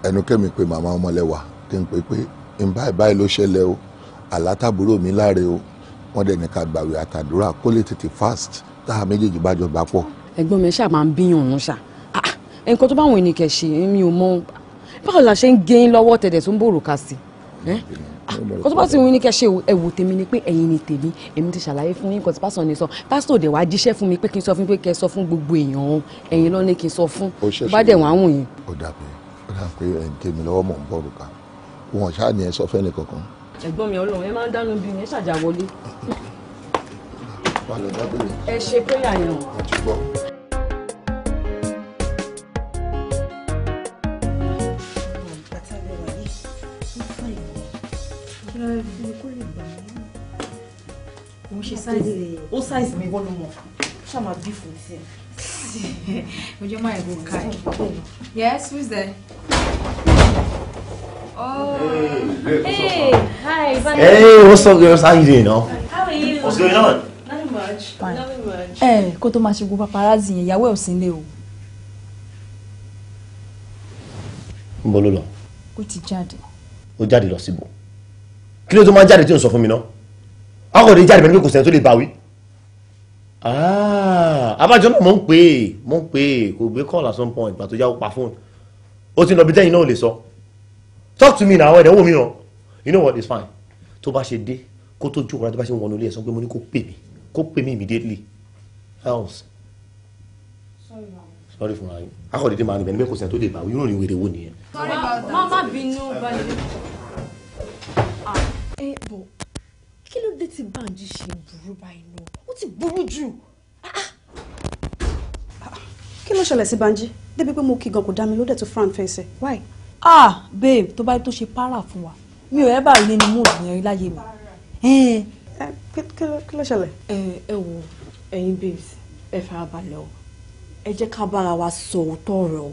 ẹnu kẹ́mi pé màmá ọmọlẹ́wà kí n pè pé ìbáyìí báyìí ló ṣẹlẹ̀ o àlátàbúrò mi láre o wọ́n fast táà méjèèjì bá jọ gbà pọ̀ ẹ̀gbọ́n mi ṣáà máa ń bíyàn òun ṣá ah, ah, nǹkan tó bá wọn ènìkẹ́ ṣe mi ò mọ báwo la ṣe ń gé yín lọ́wọ́ tẹ̀dẹ̀ tó ń bòrò ká sí ah, kó tó bá ti wọ́n ní kẹ́ ṣe ẹ̀wò tèmi ni pé ẹ̀yin ni tèmi èmi ti ṣàlàyé fún yín kan tí pásítọ̀ ni sọ pásítọ̀ òde wàá jíṣẹ́ fún mi pé kí n sọ fún pé kẹ́ sọ fún gbogbo èèyàn o ẹ̀yin lọ́ni kí n sọ fún bá dẹ̀ wọ́n àwọn yẹn. ó dà pé ó dà pé ẹ̀yin tèmi lọ́wọ́ mọ̀ ń bọ̀rù ká wọn mi ọlọ́run ẹ máa ń dánú bí mi ẹ ṣàjà wọlé. ẹ ṣe péyà yẹn size ó size mi wọ́n ló mọ̀ ṣáà máa bí fún sí ẹ. ojú máa ń go ká ẹ. yes who's there. Oh. Hey, hey, hi, hey, what's up, girls? How you doing, no? How are you? What's going on? Nothing much. Fine. Nothing much. Eh, kó tó máa ṣe gbogbo paparazzi yẹn, ìyàwó ẹ̀ ò sí o. Ń bọ̀ lo. lọ. Ó ti jáde. Ó jáde lọ síbò. Kí ló tó máa jáde tí ò ń sọ fún mi ọkọ̀ ní jáde mẹ́rin kò sẹ́ni tó lè báwí. Ah, abájọ náà mò ń pè é mò ń pè é kò gbé call at some point ìgbà tó yá ó pa fóònù ó ti lọ bí tẹ́yìn náà lè sọ talk to me now ẹ̀dẹ̀ wò mí o you know what is fine tó bá ṣe dé kó tó jókòó rà tó bá ṣe wọnú ilé ẹ̀ sọ pé mo ní kó pè mí kó pè mí immediately else. sorry fún ayé akọ̀ dídé màá nù bẹ́ẹ̀ ni kò sẹ́ni tó lè báwí yóò rìn wèrè wò nìyẹn. sorry about that. má má bínú kí ló dé tí Bánjí ṣe burú báyìí náà ó ti burú jù. Ah, ah. Ah, kí ló ṣẹlẹ̀ sí Bánjí débi pé mo kí gan kò dá mi ló dẹ̀ tó fran fẹsẹ̀ why. ah babe tó bá tó ṣe para fún wa mi ò ẹ́bà nínú mood yẹn rí láyé mi. Eh. Eh, kí ló ṣẹlẹ̀. Eh, ẹ wo ẹ̀yin babes ẹ fara balẹ̀ o ẹ jẹ́ ká bára wa sọ òótọ́ ọ̀rọ̀ o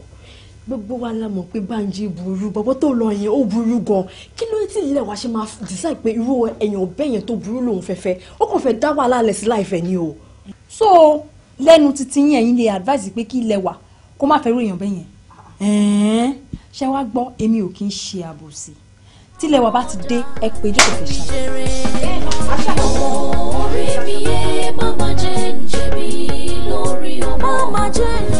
gbogbo wa la mọ̀ pé Bánjí burú bọ̀bọ̀ tó lọ yẹn ó burú gan kí ló ti ilẹ̀ wa ṣe máa decide pé irú èèyàn bẹ́ẹ̀ tó burú lòun fẹ́fẹ́ ó kàn fẹ́ dá wàhálà lẹ̀ sí láìfẹ́ ni o. so lẹ́nu títí yẹn yín lè advice pé kí ilẹ̀ wa kó má fẹ́rù èèyàn bẹ́ẹ̀ yẹn ṣé wàá gbọ́ èmi ò kí ń ṣe àbòsí tílẹ̀ wa bá ti dé ẹ pé jókòó fẹ́ ṣàlàyé. orí mi yé mama jẹ́ ń jẹ̀bi lórí ọmọ mama jẹ́ ń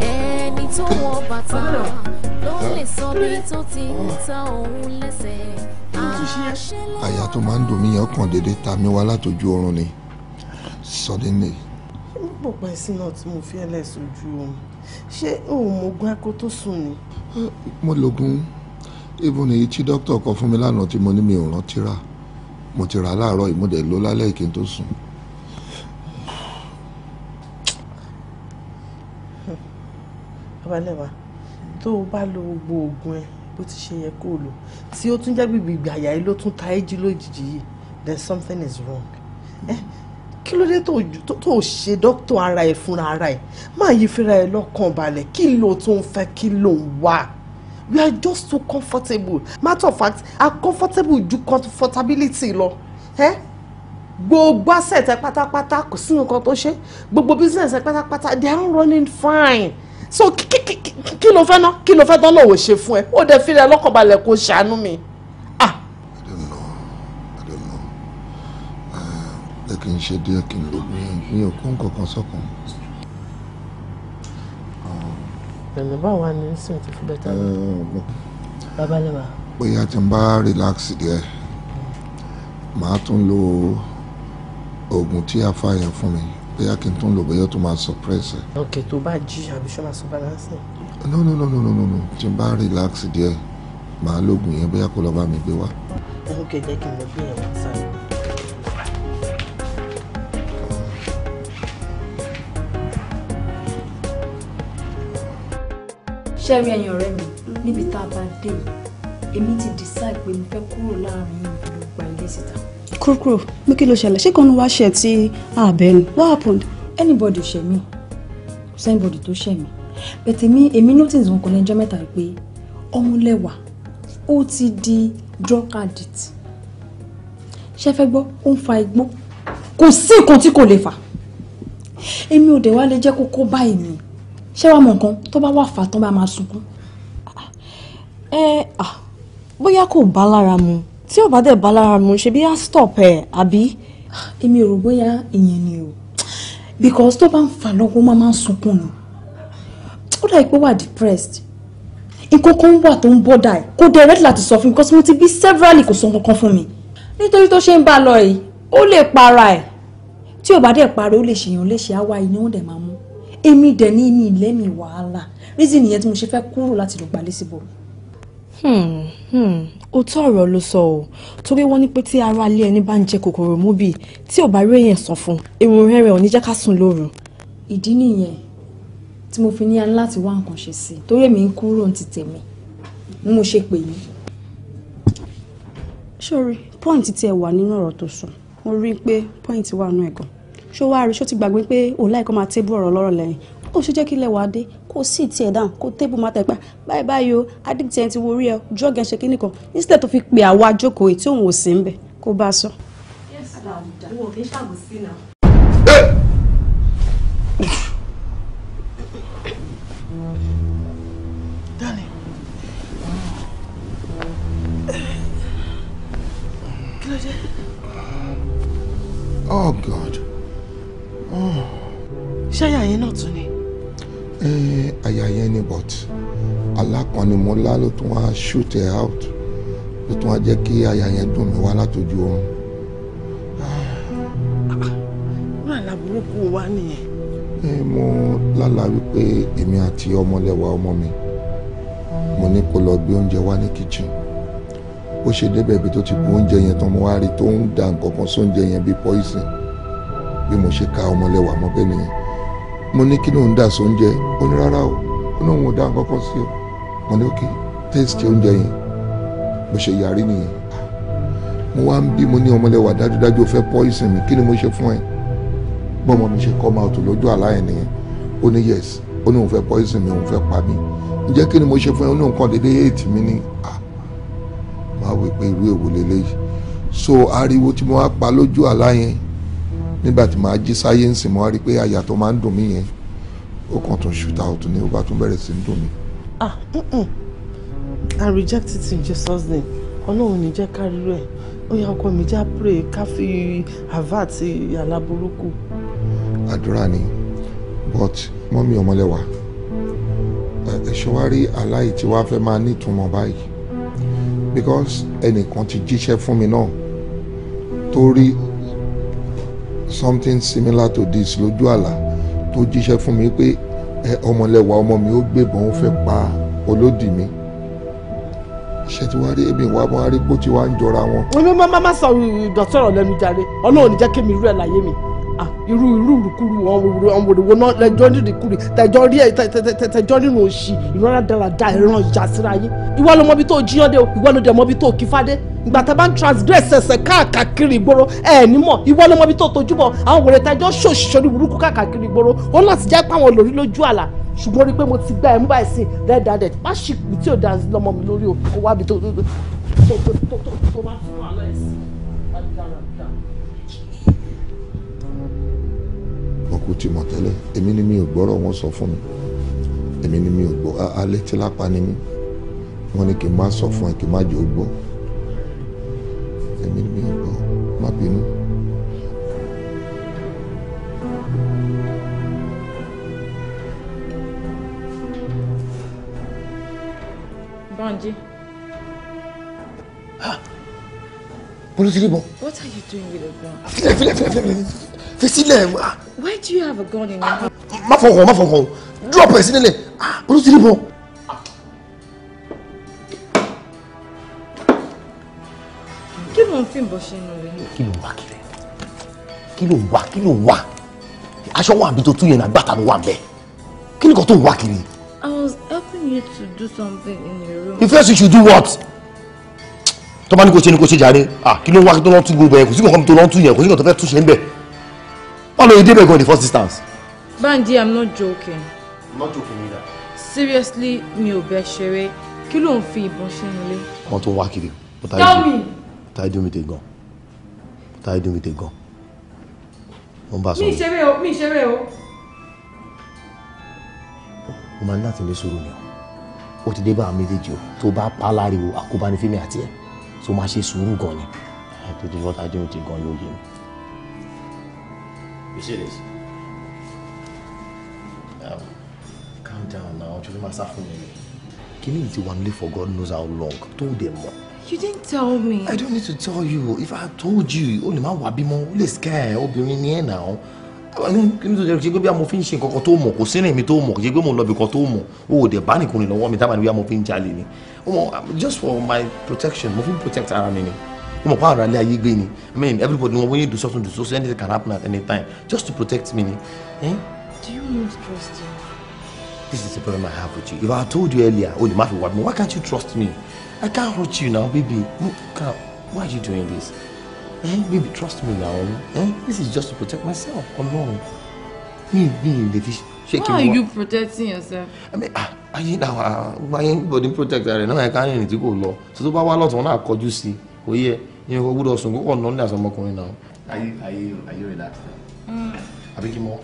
ẹni tó wọ bàtà ló lè sọ bí tó ti ń ta òun lẹ́sẹ̀. àyà tó máa ń dùn mí yẹn kàn ta mi wá látọjú oorun ni suddenly. púpọ̀ pa ẹ̀sìn náà tí mo fi ẹlẹ́sìn ojú oorun ṣé òun mo gbá kó tó sùn ni. mo lògùn even èyí tí dókítà kọ fún mi lánàá tí mo ní mi ò rántí rà mo ti rà láàárọ̀ ìmúdẹ ló lálẹ́ kí n tó sùn. babalẹ́wà tó o bá lo gbogbo oògùn ẹ bó ti ṣe yẹ kó o lò tí ó tún jẹ́ gbìgbì àyà yìí ló tún ta ẹ́ jí lójijì yìí then something is wrong. Eh? kí ló dé tó ṣe dókítà ara ẹ̀ fúnra ara ẹ̀ máa yí fúnra ẹ̀ lọ́kàn balẹ̀ kí ló tún fẹ́ kí ló ń wá we are just so comfortable matter of fact a comfortable ju comfortability lọ ẹ gbogbo asset ẹ pátápátá kò sí nǹkan tó ṣe gbogbo business ẹ pátápátá they are running fine so kí ló fẹ́ ná kí ló fẹ́ tán lòwò ṣe fún ẹ ó dẹ fi rẹ lọ́kàn balẹ̀ kó ṣàánú mi. ẹ kì í ṣe díẹ̀ kí n lò ní ọkùnrin kankan sọ́kàn pẹ̀lú báwa ni sìn ti fi bẹ́tà lọ. Eh, babalẹ́wà. bóyá tí n bá relax díẹ̀ màá tún lo oògùn tí a fà yẹn fún mi bóyá kí n tún lò bóyá tó máa suppress ẹ. ok tó bá jí àbí ṣọ́ máa sọ balance. no no no no no no no tí n bá relax díẹ̀ màá lóògùn yẹn bóyá kó lọ bá mi gbé wá. ok jẹ́ kí n lọ gbé yẹn wá sáré. ṣé rí ẹ̀yin ọ̀rẹ́ mi níbi tá a bá dé èmi ti decide pé mo fẹ́ kúrò láàrin yìí pẹ̀lú gba ilé síta. kúrúkúrú mi kí ló ṣẹlẹ̀ ṣé kan wá ṣe ti ààbẹ̀ what happened. anybody ṣẹ̀ mí Somebody sẹ́nibọ̀dì tó ṣẹ̀ mí bẹ̀tẹ̀ mi èmi notice wọn kò ní ẹjọ́ mẹ́ta pé ọmọlẹ́wà ó ti di drug addict ṣe fẹ́ gbọ́ ó ń fa igbó kò sí nǹkan tí kò lè fà èmi ò dẹ̀ wá lè jẹ́ kó kó báyìí ṣé wàá mọ̀ nǹkan tó bá wà fà tán bá máa sunkún ẹ bóyá kò bá lára mu tí ò bá dẹ̀ bá lára mu ṣe bí á stop ẹ̀ àbí. èmi ò rò bóyá ìyẹn ni o because tó bá ń fà lọ́wọ́ máa máa sunkún ni ó dà pé wà depressed nǹkan kan wà tó ń bọ́dà ẹ̀ kò dẹ̀ rẹ́dí láti sọ fún mi because mo ti bí severally kò sọ nǹkan kan fún mi nítorí tó ṣe ń bá a lọ yìí ó lè para ẹ̀ tí ò bá dẹ̀ para ó lè ṣèyàn léṣe àwa ìyẹn ó dẹ̀ máa mú èmi dẹ̀ ní mi ilé mi wàhálà reason nìyẹn tí mo ṣe fẹ́ kúrò láti lọ gbalé síbò mi. òótọ́ ọ̀rọ̀ ló sọ ọ́ torí wọ́n ní pé tí ara ilé ẹni bá ń jẹ kòkòrò mú bíi tí ò bá rí èèyàn sàn fún irun rẹ̀rẹ̀ ò ní jẹ́ ká sùn lóru. ìdí nìyẹn tí mo fi ní a láti wá nǹkan ṣe sí i torí èmi ń kúrò ní ti tèmi ni mo ṣe pè yín. sori point tí ẹ wà nínú ọ̀rọ̀ tó sọ mo rí i pé point wà nù ẹ̀gàn ṣó wá rí ṣó ti gbàgbé pé òun láì kọ́ máa tébù ọ̀rọ̀ lọ́rọ̀ lẹ́yìn kó ṣe jẹ́ kí ilẹ̀ wà dé kó sì tiẹ̀ dáhùn kó tébù máa tẹ̀ pa báyìí báyìí o addict ẹ̀ ti wo orí ẹ drug ẹ̀ ṣe kí nìkan instead tó fi pè àwa jókòó èyí tí òun ò sí ń bẹ̀ kó bá a sọ. Dani, kí ló dé? Oh God ṣé àyà yẹn náà tún ni. àyà yẹn ni but alákan ni mo lá ló tún wá shoot ẹ out ló tún wá jẹ́ kí àyà yẹn dùn mí wá látọjú oorun. wọ́n ah, àlá burúkú wa nìyẹn. mo lálàá wípé èmi àti ọmọlẹ́wà ọmọ mi mo ní kó lọ gbé oúnjẹ wá ní kitchen ó ṣe débẹ̀ ibi tó ti bu oúnjẹ yẹn tán mo wá rí tó ń da nǹkan kan sóúnjẹ yẹn bíi poison bí mo ṣe ka ọmọlẹ́wà mọ́pẹ́ nìyẹn mo ní kí lóun dà sí oúnjẹ ó ní rárá o ó ní òun ò dá nǹkan sí o mo ní òkè tẹ́sítì oúnjẹ yẹn mo ṣe yarí nìyẹn mo wá ń bí mo ní ọmọlẹ́wà dájúdájú o fẹ́ pọ́ìsìn mi kí ni mo ṣe fún ẹ bọ́mọ mi ṣe come out lójú àlá yẹn nìyẹn ó ní yes ó ní òun fẹ́ pọ́ìsìn mi òun fẹ́ pa mi ǹjẹ́ kí ni mo ṣe fún ẹ ó ní nǹkan déédéé nígbà màá jí sáyẹ́ǹsì mo wá rí i pé àyà tó máa ń dùn mí yẹn ó kàn tún shoot out ni ó bá tún bẹ̀rẹ̀ sí ń dùn mí. ah i reject it in jesus name ọlọ́run ní jẹ́ ká rírọ̀ ẹ̀ ó yá ọkọ mi já pray ká fi àvá àti àlá burúkú. àdúrà ni but mọ́mí ọmọlẹ́wà ẹ̀ṣọ́ wa rí aláì tí wàá fẹ́ máa nítumọ̀ báyìí because ẹnìkan ti jíṣẹ́ fún mi náà torí something similar to this lójú àlá tó jíṣẹ́ fún mi pé ẹ ọmọlẹ́wà ọmọ mi ó gbébọn ó fẹ́ pa olódì mi ṣe ti wá rí èmi wá máa rí bó ti wá ń jọra wọn. olú má má sọ ìdọ̀tí ọ̀rọ̀ lẹ́nu jàre ọlọ́run ní jẹ́ kémi irú ẹ̀ láyé mi irú irú ìrùkúrú ọ̀wòrìwò náà lẹ́jọ́ nínú ìkúrì tẹ̀jọ́ rí ẹ̀ tẹ̀jọ́ nínú òṣì ìrora dáradára ìran ìjà síra yín ìwọ ló mọ ibi tó jiyàn dé ìwọ ló dẹ̀ mọ tó kí fádé ìgbà tá a bá ń transgress ẹsẹ̀ káàkiri ìgboro ẹ ní mọ̀ ìwọ ló mọ ibi tó tójú bọ̀ àwọn wèrè tajọ́ ṣòṣìṣọ́ ní burúkú káàkiri ìgboro ó láti jẹ́ pé àwọn lórí lójú àlà ṣùgbọ́n rí i pé mo ti gbá ẹ̀ mú báyìí sí red handed má ṣì pì tí ò da lọ́mọ mi lórí o wá bi tó tó tó tó tó tó bá fún àlọ́ ẹ̀ sí. mo kú ti mọ̀ tẹ́lẹ̀ èmi ni mi ò gbọ́rọ̀ wọn sọ fún mi èmi ni mi ò gbọ́ alẹ́ tí lápá ni mi wọ́n ní kí n má sọ fún ẹ kí n má jẹ́ ó gbọ́ èmi mi ń má bínú. Banji. Ah! Bolo ti What are you doing with a gun? Filẹ̀ filẹ̀ filẹ̀ filẹ̀ fesílẹ̀. Ah! Why do you have a gun in your hand? Ma fọkàn má fọkàn drop ẹ̀ sílẹ̀ lẹ̀. Ah! Bolo ti rí mò ń tì bọ́ sínú rẹ̀. kí ló ń wá kiri kí ló ń kí ló ń aṣọ wà àbí tó tún yẹn náà gbàtà ló wà bẹ kí ni kò tó ń kiri. I was helping you to do something in your room. If yes, you should do what? tó bá ní kò ṣe ní kò ṣe jàre ah kí ló ń wá kí tó lọ́n tún gbogbo ẹ̀ kò sí kankan tó lọ́n tún yẹn kò sí kankan tó fẹ́ tún ṣe ń bẹ̀ wọ́n lọ dé bẹ̀ gan the first instance. Bandi, I'm not joking. I'm not joking either. Seriously mi ò bẹ ṣeré kí ló ń fi ìbọn ṣe nílé. wọn tó ń wá kiri. Tell me táyé dùn mí tè gan táyé dùn mí tè gan mo ń bá sọ. mi ìṣeré o mi ìṣeré o. o máa ní láti ní sùúrù ni o ó ti dé bá àwọn méjèèjì o tó bá pa láriwo àkóbá ní fíìmù àti ẹ tó máa ṣe sùúrù gan ni tó ti bọ́ táyé dùn mí gan yóò yé mi. you see this. Um, calm down now ojú ló máa sá fún mi. kí ni ìtiwánilé for God knows how long tó ń dè mọ́. You didn't tell me. I don't need to tell you. If I told you, ó lè má wà bímọ, ó lè scare obìnrin ní ẹ̀ náà. Kí ló ṣe pé bí amòfin ń ṣe nǹkan kan tó mọ̀ kò sínú èmi tó mọ̀ kò ṣe pé mo lọ ibìkan tó mọ̀ o ò dẹ̀ bá nìkan lọ́wọ́ mi táwọn ìwé amòfin ń jalè ni. Just for my protection, mo fi ń protect ara mi ni. Mo mọ̀ pé ara ilé ayé gbé ni. I mean everybody wọn wọ́n do something do something anything can happen at any time just to protect me ni. Eh? Do you not trust me? This is the problem I have with you. If I told you earlier, o lè má fi wá mi, why can't you trust me? I can't hurt you now, baby. No, Why are you doing this? Eh, baby, trust me now. Eh? This is just to protect myself Come on, Me, me, baby. Shaking Why are you protecting yourself? I mean, ah, I now. Ah, why anybody protect her? Now I can't even go law. So the power tó bá wá lọ́tọ̀ náà kọjú sí. Ó yẹ, ìyẹn kò gbọ́dọ̀ sùn kókò náà ní àsọmọkùnrin now. Are you, are you, are you relaxed? Mm. Àbí more.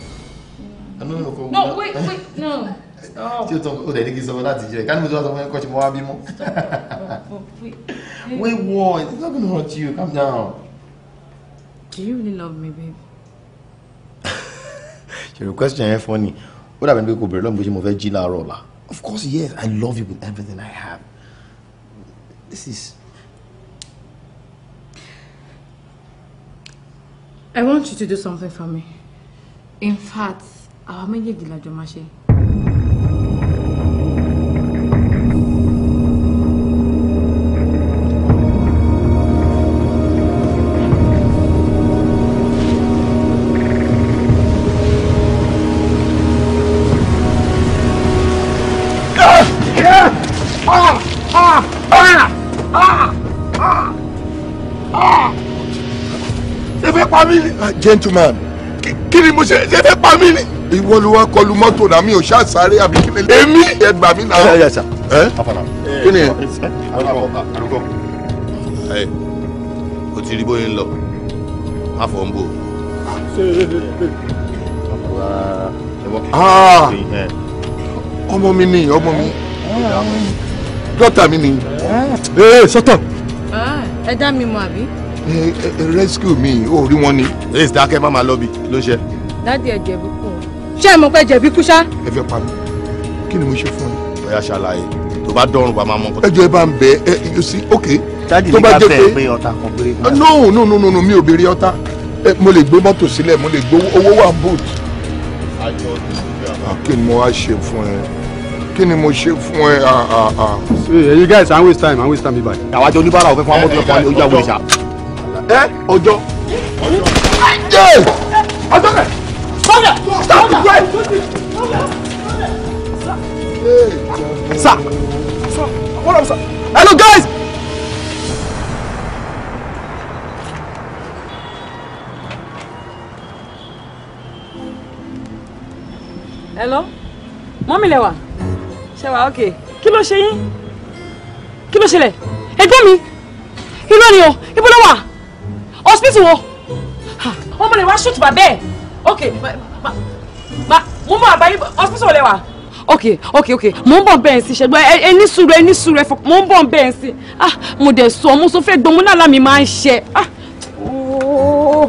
Mm. mọ́? No, no, no. No, wait, wait, no tí o tọ o tẹ̀lé kí n láti jẹ kánú mi sọ fún ẹ kọ́ ṣe mọ́ wá bímọ. wait it's not gonna hurt you calm down. do you really love me babe. your question yẹn funny. ni ó dàbí pé kò bẹ̀rẹ̀ lọ́nà bó ṣe mo fẹ́ jí láàárọ̀ ọ̀la of course yes i love you with everything i have this is. i want you to do something for me in fact àwa méjèèjì la jọ máa ṣe. pa mí ah, gentleman. kí ni mo ṣe ṣe fẹ́ pa mí ni. ìwọ ló wá kọlu mọ́tò náà mi ò ṣáà sáré àbí kí ni. èmi ẹ gbà mí náà. ẹ ẹ sà. ẹ kí ni. ẹ o ti rí bóyá ń lọ àfọ̀ ń bò. Ah! Ah! ọmọ mi ni ọmọ mi dọ́tà mi ni. ẹ eh, sọ́tọ̀. ẹ dá mi mọ̀ àbí. Eh, eh, eh, rescue mi ò rí wọn ni. èyí dákẹ́ má máa lọ bí ló ń ṣe. dáàdi ẹ jẹ̀bi kù ṣé ẹ mọ̀ pé jẹ̀bi kú ṣá. ẹ fẹ́ pa mi kí ni mo ṣe fún ẹ. bóyá ṣàlàyé tó bá dọ̀rùn bá máa mọ nǹkan. ẹjọ́ ẹ bá ń bẹ ẹ yóò sí òkè. dáàdi mi bá bẹ̀ pé ọta kan péré. no no no no mi ò béèrè ọta mo lè gbé mọ́tò sílẹ̀ mo lè gbé owó wà boot. Ah, kí ni mo wá ṣe fún ẹ kí ni mo ṣe fún ẹ. Ah, ah, you guys i waste time i waste time bíbáyìí. àwájọ oníbàárà ò fẹ́ fún amọ́tò ọ̀pọ̀ ọjà wíṣà ẹ ọjọ́. ọjọ́ kẹ. sọ́dà sọ́dà sà wọ́n sà. hello guys. hello mọ́mí lẹ́wà ṣe wa ok kí ló ṣe yín kí ló ṣẹlẹ̀ ẹ̀gbọ́n mi irọ́ ni o ibo ló wà hospital wo wọ́n mọ̀ lè wá shoot bàbá ẹ̀ ok mo mọ̀ àbáyé hospital lẹ́wà. ok ok ok mo ń bọ̀ bẹ́ẹ̀ sí ṣẹ́gbọ́n ẹ ní sùúrù ẹ ní sùúrù ẹ fọ mo ń bọ̀ bẹ́ẹ̀ sí ah mo dẹ̀ sọ mo sọ fẹ́ gbọ́n mo lálàá mi máa ń ṣe ah. ooo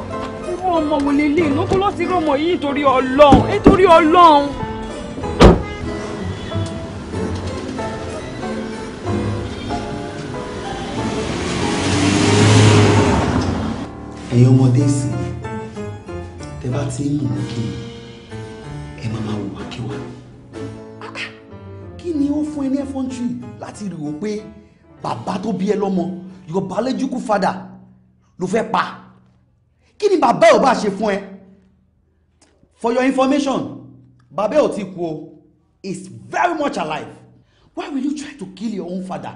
irú ọmọ wò lélẹ́yìn lóko lọ́ọ́ ti rí ọmọ yìí nítorí Ọlọ́run nítorí Ọlọ́run. ẹ̀yin ọmọdé sì ni tẹ bá ti ń mú un kí ẹ máa máa wùwà kí wa. kí ni ó fún ẹ ní ẹfọ́ntì láti rí wò pé bàbá tó bí ẹ lọ́mọ your biological father ló fẹ́ pa kí ni bàbá ò bá ṣe fún ẹ for your information bàbá ò ti kú o is very much alive why will you try to kill your own father.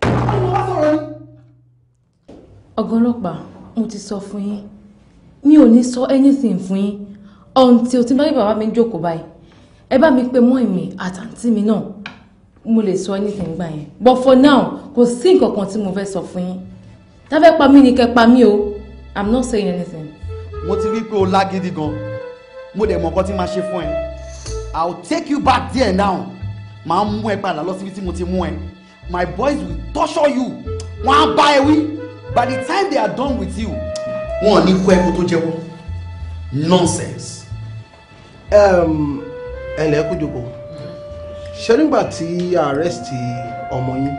àwọn ọmọ ọ̀gá ọlọ́pàá mo ti sọ fún yín mi ò ní sọ anything fún yín ohun tí ti bá yí bàbá mi jókòó báyìí ẹ bá mi pe mọ́ ìmì àtàntí mi náà mo lè sọ anything gbà yẹn but for now kò sí nǹkan kan tí mo fẹ́ sọ fún yín tá pa mí ni kẹ́ pa mí o i'm not saying anything. mo ti rí i pé o lágídí gan mo dẹ̀ mọ̀ nǹkan tí màá ṣe fún ẹ i take you back there now màá mú ẹ padà lọ síbi tí mo ti mú ẹ my boys will torture you wọ́n á bá ẹ wí by the time they are done with you wọn ní kó ẹkú tó jẹ́wọ́ nonsense. Um, ẹ ǹlẹ́ kó jòkó ṣé nígbà tí arrest ọmọ yín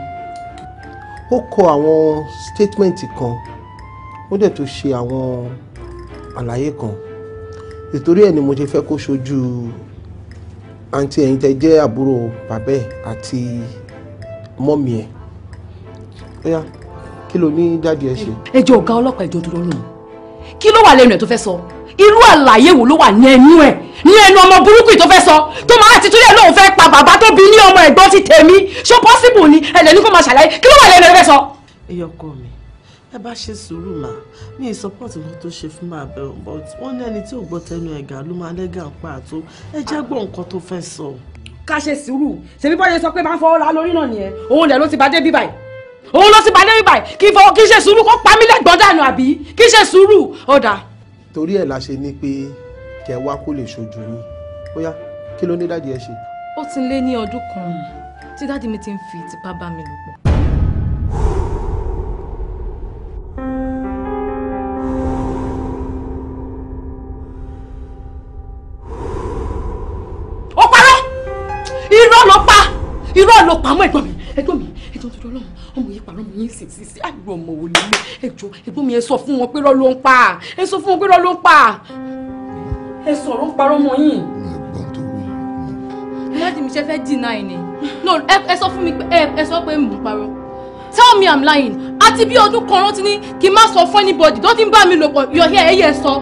ó kọ àwọn statement kan ó dẹ̀ tó ṣe àwọn àlàyé kan ìtorí ẹ̀ ni mo ṣe fẹ́ kó ṣojú àǹtí ẹ̀yin tẹ́ jẹ́ àbúrò bàbá ẹ̀ àti mọ́mì ẹ̀ ó yá. Yeah kí ló ní dáàdi ẹ ṣe. ẹjọ́ ọ̀gá ọlọ́pàá ẹjọ́ dúró lòun kí ló wà lẹ́nu ẹ̀ tó fẹ́ sọ irú àlàyé wo ló wà ní ẹnu ẹ̀ ní ẹnu ọmọ burúkú yìí tó fẹ́ sọ tó máa ti túlẹ̀ lóun fẹ́ pa bàbá tó bí ní ọmọ ẹ̀gbọ́n ti tèmi ṣó possible ni ẹ̀lẹ́ni kó máa ṣàlàyé kí ló wà lẹ́nu ẹ̀ tó fẹ́ sọ. ẹyọkọ mi ẹ bá ṣe sùúrù mà ní ìsọpọ́ọ̀tì wọn tó ṣe fún bàbá ẹ but wọn ní ẹni tí ò gbọ́ tẹnu ẹ̀gà ló máa lẹ́gà ń pa àtó ẹ jẹ́ gbọ́ nǹkan tó fẹ́ sọ. ká ṣe sùúrù ṣèbí bọ́yẹ òun ló ti bá débi báyìí kí fọwọ́ kí ṣe sùúrù kó pa mí lẹ́gbọ́n dànù àbí kí ṣe sùúrù ọ̀dà. torí ẹ̀ la ṣe ní pé kẹ wá kó lè ṣojú yín bóyá kí ló ní dáàdi ẹ ṣe. ó ti lé ní ọdún kan tí dáàdi mi ti ń fi tipa bá mi lò pọ̀. ó parọ́ irọ́ ló pa irọ́ ló pa mọ́ ẹ̀gbọ́n mi ẹ̀gbọ́n mi ẹjọ́ tó lọ́rùn ọmọ yìí parọ́ mi yín sì sí sí àìrò ọmọ wò nílé ẹjọ́ ẹ̀gbọ́n mi ẹ sọ fún wọn pé rọ́ ló ń pa ẹ sọ fún wọn pé rọ́ ló ń pa ẹ sọ̀rọ̀ ń parọ́ mọ́ yín. láti mi ṣe fẹ́ dínà ẹ̀ ni ẹ sọ fún mi pé ẹ sọ pé mò ń parọ́ tell me i'm lying àti bí ọdún kan rántí ní kí n má sọ fún anybody don't bá mi lò pọ̀ yọ̀ ẹ̀ ẹ̀ yẹ sọ.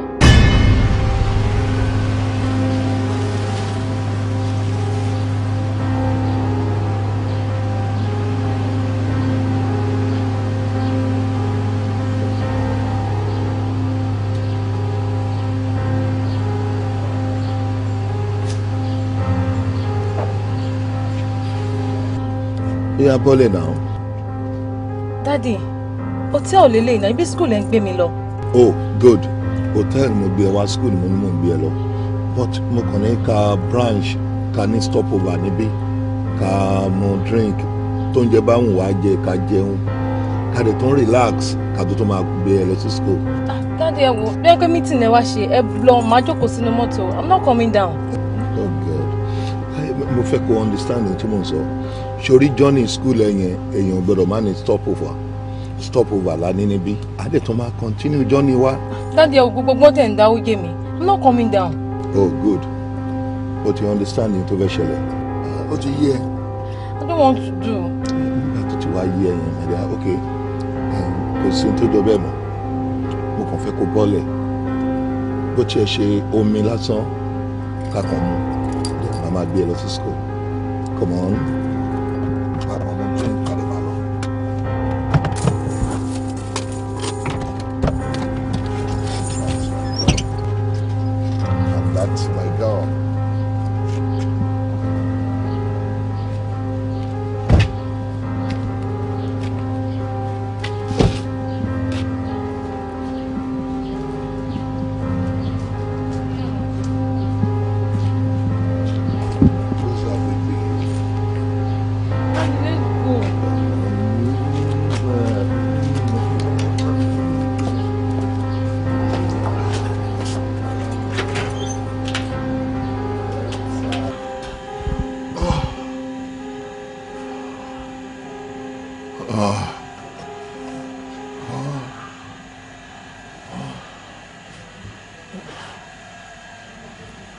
ó yá bọ́lẹ̀ náà. dádì hotel lélẹ̀ iná ibi school ẹ̀ ń gbé mi lọ. oh good hotel mo gbé ẹ wá school mo ní mo gbé ẹ lọ but mo kàn ní ka branch ka ní stopover níbí ka mu drink tóúnjẹ bá wù wá jẹ ká jẹun ká lè tún relax ká tó tún máa gbé ẹ lọ sí school. Ah, dádì ẹ wo bí ẹ meeting ẹ wá ṣe ẹ lọ màá jókòó sínú mọ́tò i'm not coming down. oh god mo fẹ́ kó understand ohun tí mò sọ. So sori johnny school ẹ̀yẹn èèyàn gbọ́dọ̀ má ní stop over stop over lání níbí adé tó máa continue johnny wa. dáàdi ẹ̀ gbogbo gbọ́n tẹ̀ ń dáwó yé mi i'm not coming down. oh good o ti understand ní tó fẹ́ ṣẹlẹ̀ o ti yé ẹ. i don't want to do. nígbà tó ti wá yé ẹyìn ẹ̀dá ok kò sí ní tó jọ bẹ́ẹ̀ mọ́ mo kàn fẹ́ kó bọ́ọ̀lẹ̀ bó tiẹ̀ ṣe omi lásán kakàn mu màmá gbé ẹ e lọ sí school come on.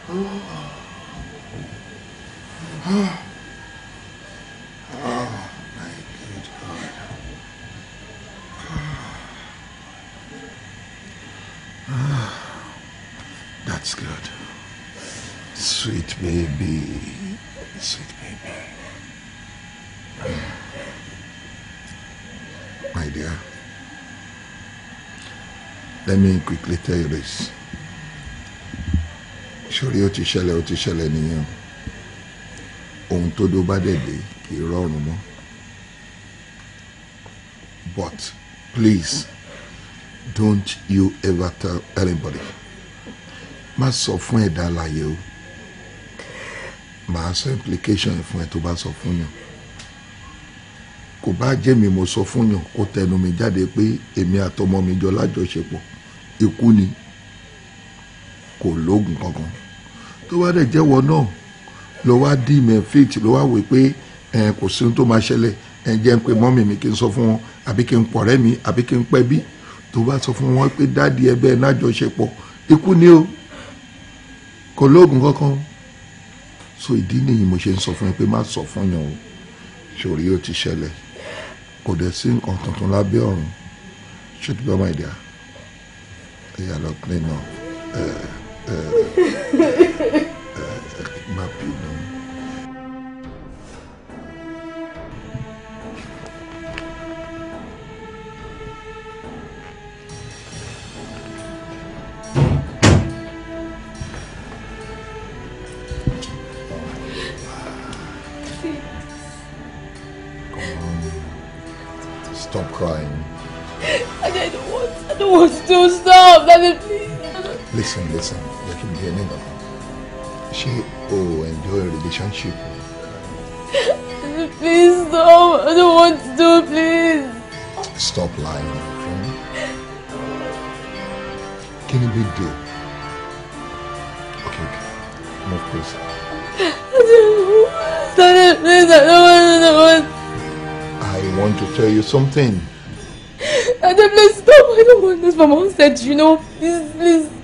oh my good God. Oh, that's good. Sweet baby. Sweet baby. My dear. Let me quickly tell you this. sórí ó ti ṣẹlẹ̀ ó ti ṣẹlẹ̀ nìyẹn ohun tó dó bá dẹ̀ kì í rọrùn mọ́ but please don't you ever tell anybody má sọ fún ẹ̀dá alàyè o màá sọ implication fún ẹ tó bá sọ fún yàn kò bá jẹ́ mi mo sọ fún yàn kó tẹnu mi jáde pé èmi àtọmọ mi jọ lájọṣepọ̀ ikú ni kò lóògùn kankan tó wá dẹ̀ jẹ́wọ́ náà lọ wá dì mẹ́ fit lọ wá wò pé kò sí ohun tó máa ṣẹlẹ̀ jẹ́ ń pe mọ́mì mi kí n sọ fún wọn àbí kí n pọ̀rẹ́ mi àbí kí n pẹ́ bí tó bá sọ fún wọn pé dáàdi ẹ bẹ́ẹ̀ nájọṣepọ̀ ikú ni o kò lóògùn kankan so ìdí nìyí mo ṣe ń sọ fún yín pé má sọ fún yàn o ṣòrí ó ti ṣẹlẹ̀ kò dẹ̀ sí nǹkan tuntun lábẹ́ ọ̀run ṣètìgbọ́n máa dà ẹ̀yà lọ́kùnrin náà ẹ ẹ má bínú. listen listen jẹ́ kí n bí ẹni kankan ṣé o enjoy relationship please stop I don't want to do please. stop lying my friend. Can you be deal. okay okay move please. I don't want to please I don't want to do it. I want to tell you something. Adam, please stop. I don't want this. My mom said, you know, please, please.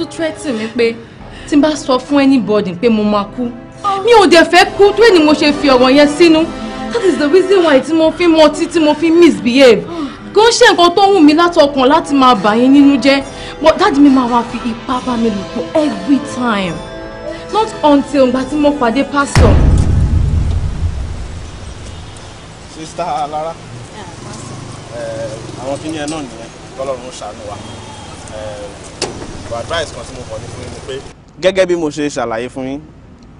tún threaten mi pé tí n bá sọ fún anybody pé mo máa kú mi ò dẹ̀ fẹ́ kú tó èyí mo ṣe fi ọ̀rọ̀ yẹn sínú that is the reason why tí mo fi mọtí tí mo fi misbehave kò ń ṣe nǹkan tó wù mí látọkàn láti máa bà yín nínú jẹ́ but dáàdi mi máa wá fi ipá bá mi lò pọ̀ every time not until ìgbà tí mo pàdé pásítọ̀. sista alara eh, àwọn kíni ẹ náà nìyẹn tọ́lọ́run ṣàánú wa. Eh, but advice kan tí mo kàn ní fún yín ni pé. gẹ́gẹ́ bí mo ṣe ṣàlàyé fún yín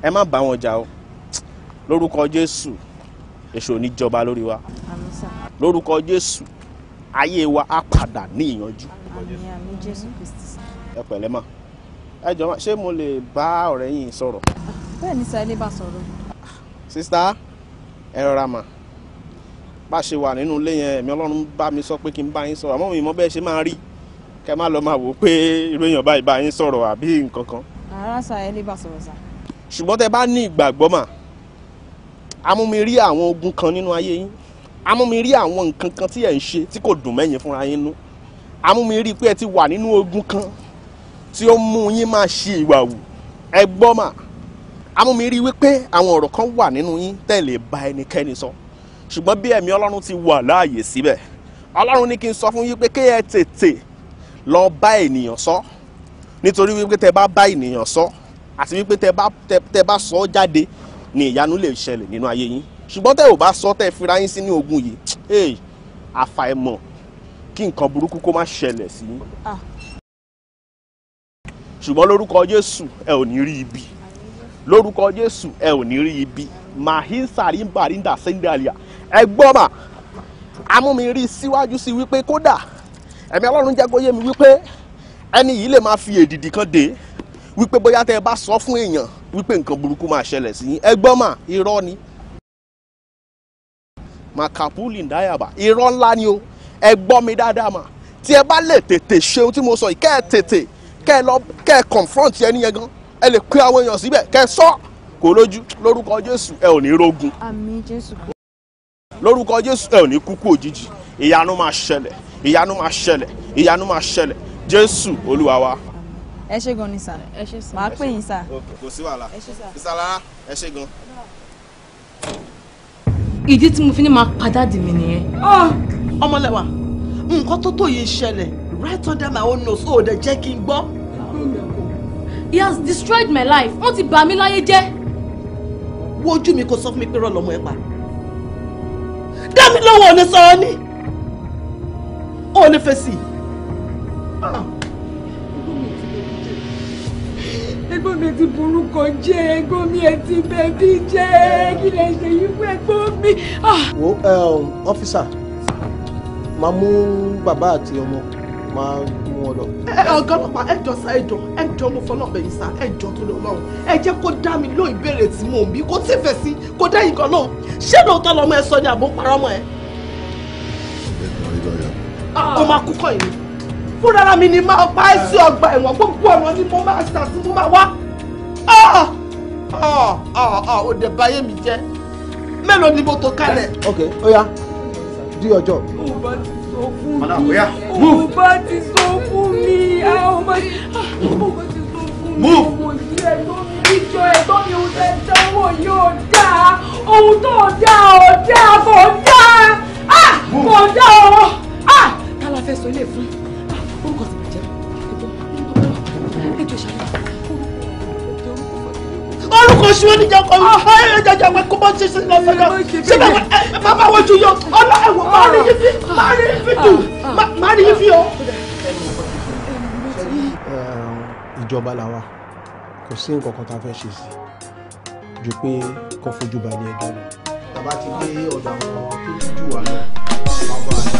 ẹ má bá wọn jà o lórúkọ jésù èṣù ní jọba lórí wa lórúkọ jésù ayé wa á padà ní ìyanjú. ẹ pẹ̀lẹ́ mà ẹ jọ̀ọ́ ṣé mo lè bá ọ̀rẹ́ yín sọ̀rọ̀. bẹ́ẹ̀ ni sáyẹ́lẹ́ bá sọ̀rọ̀. sista ẹ rọra mà bá a ṣe wà nínú ilé yẹn ẹ̀mí ọlọ́run bá mi sọ pé kí n bá yín sọ̀rọ̀ àmọ́ mi mọ bẹ́ẹ̀ ṣe máa rí kẹ má lọ máa wò pé irú èèyàn báyìí bá yín sọ̀rọ̀ àbí nǹkan kan. ara sa ẹ bá sọ̀rọ̀ sà. ṣùgbọ́n tẹ bá ní ìgbàgbọ́ mà amúmirí àwọn ogun kan nínú ayé yín amúmirí àwọn nǹkan kan tí ẹ̀ ń ṣe tí kò dùn mẹ́yìn fúnra yín nú amúmirí pé ẹ ti wà nínú ogun kan tí ó mú yín máa ṣe ìwà wù ẹ gbọ́ mà amúmirí wípé àwọn ọ̀rọ̀ kan wà nínú yín tẹ́ lè ẹnikẹ́ni sọ ṣùgbọ́n bí ẹ̀mí ọlọ́run ti wà láàyè síbẹ̀ ọlọ́run ní kí n sọ fún yín pé kéèyàn tètè lọ bá ènìyàn sọ nítorí wípé tẹ bá bá ènìyàn sọ àti wípé tẹ bá tẹ bá sọ jáde ni ìyanu lè ṣẹlẹ̀ nínú ayé yín ṣùgbọ́n tẹ ò bá sọ tẹ fira yín sí ní ogun yìí ee àfàìmọ̀ kí nǹkan burúkú kó má ṣẹlẹ̀ sí yín ah. ṣùgbọ́n lórúkọ Jésù ẹ ò ní rí ibi lórúkọ Jésù ẹ ò ní rí ibi mahin sarin barinda sendalia ẹ gbọ́ amúmi rí síwájú sí wípé kódà ẹ̀mí ọlọ́run jẹ́ kó yé mi wípé ẹni yìí lè máa fi èdìdì kan dé wípé bóyá tẹ́ ẹ bá sọ fún èèyàn wípé nǹkan burúkú máa ṣẹlẹ̀ sí yín ẹgbọ́n mà irọ́ ni makapuli ndayaba irọ́ ńlá ni o ẹ gbọ́ mi dáadáa mà tí ẹ bá lè tètè ṣe ohun tí mo sọ yìí kẹ́ ẹ tètè kẹ́ ẹ lọ kẹ́ ẹ confront ẹni yẹn gan ẹ lè pe àwọn èèyàn síbẹ̀ kẹ́ ẹ sọ kò lójú lórúkọ jésù ẹ ò ní rógun lórúkọ jésù ẹ ò ní kúkú òjijì ìyanu máa ṣẹlẹ̀ ìyanu máa ṣẹlẹ̀ ìyanu máa ṣẹlẹ̀ jésù olúwa wa. ẹ ṣé gan ni sà ẹ ṣé sà màá pè yín sà. kò sí wàhálà ìsàlá ẹ ṣé gan. ìdí tí mo fi ní máa padà dì mí nìyẹn. Ah! ọmọlẹ́wà nǹkan tó tó yìí ṣẹlẹ̀ right under my own nose ó dẹ̀ jẹ́ kí n gbọ́. he has destroyed my life wọ́n ti bà mí láyé jẹ́. wojú mi kò sọ fún mi pé rọ́ọ̀lù ọmọ ẹ pa. dá lọ́wọ́ ò ní sọ̀rọ̀ ni ó lè fèsì. ẹ̀gbọ́n mi ti burúkọ jẹ́ ẹ̀gbọ́n mi ẹ ti bẹbí jẹ́ kí lè ṣe yí fún ẹ̀gbọ́n mi. Ah! wo um, ọfíìsà máa mú bàbá àti ọmọ máa mú wọn lọ. ọ̀gá ọlọ́pàá ẹ jọ sá ẹ ẹ jọ mo fọlọ́pàá yìí sá ẹ jọ tó lọ lọ́rùn ẹ jẹ́ kó dá mi lóyún ìbéèrè tí mò ń bí kó tí fèsì kó dẹ́yìn kan náà ṣé lóòótọ́ lọmọ ẹ sọ ni àbó parọ́ ẹ ó máa kú kọ́ ìlú fúnra mi ni máa pa sí ọgbà ẹ̀wọ̀n gbogbo ọ̀nà ni mo máa sà sí mo máa wá òdè ah! ah! ah! báyé mi jẹ́ mélòó ni mo tó kalẹ̀. ok ó di ọjọ́. ó bá ti sọ fún mi ó bá ti sọ fún mi ó bá ti sọ fún mi mo ti ẹ̀tọ́ mi ìjọ ẹ̀tọ́ mi ò tẹ̀ dánwò yóò ohun tó dáa ò dáa kò dáa kò dáa o fẹ́ sọ ilé fún ah, orúkọ ti bàjẹ́ ẹjọ́ ìṣàlẹ̀ orúkọ ṣé wọn níjà kọ ẹ jẹjẹ àwọn ẹ̀kọ́ bá ṣe ṣe lọ sọ́dọ̀ ṣé bàbá wojú yọ ọlọ ẹwọ máa rí yín fi máa rí yín fi tù máa rí yín fi ọ. ìjọba làwa kò sí nǹkan kan tá a fẹ́ ṣe sí ju pé kó fojú balẹ̀ ẹjọ́ lọ. bàbá ti gbé ọ̀dà àwọn tó ń jù wá lọ bàbá àti.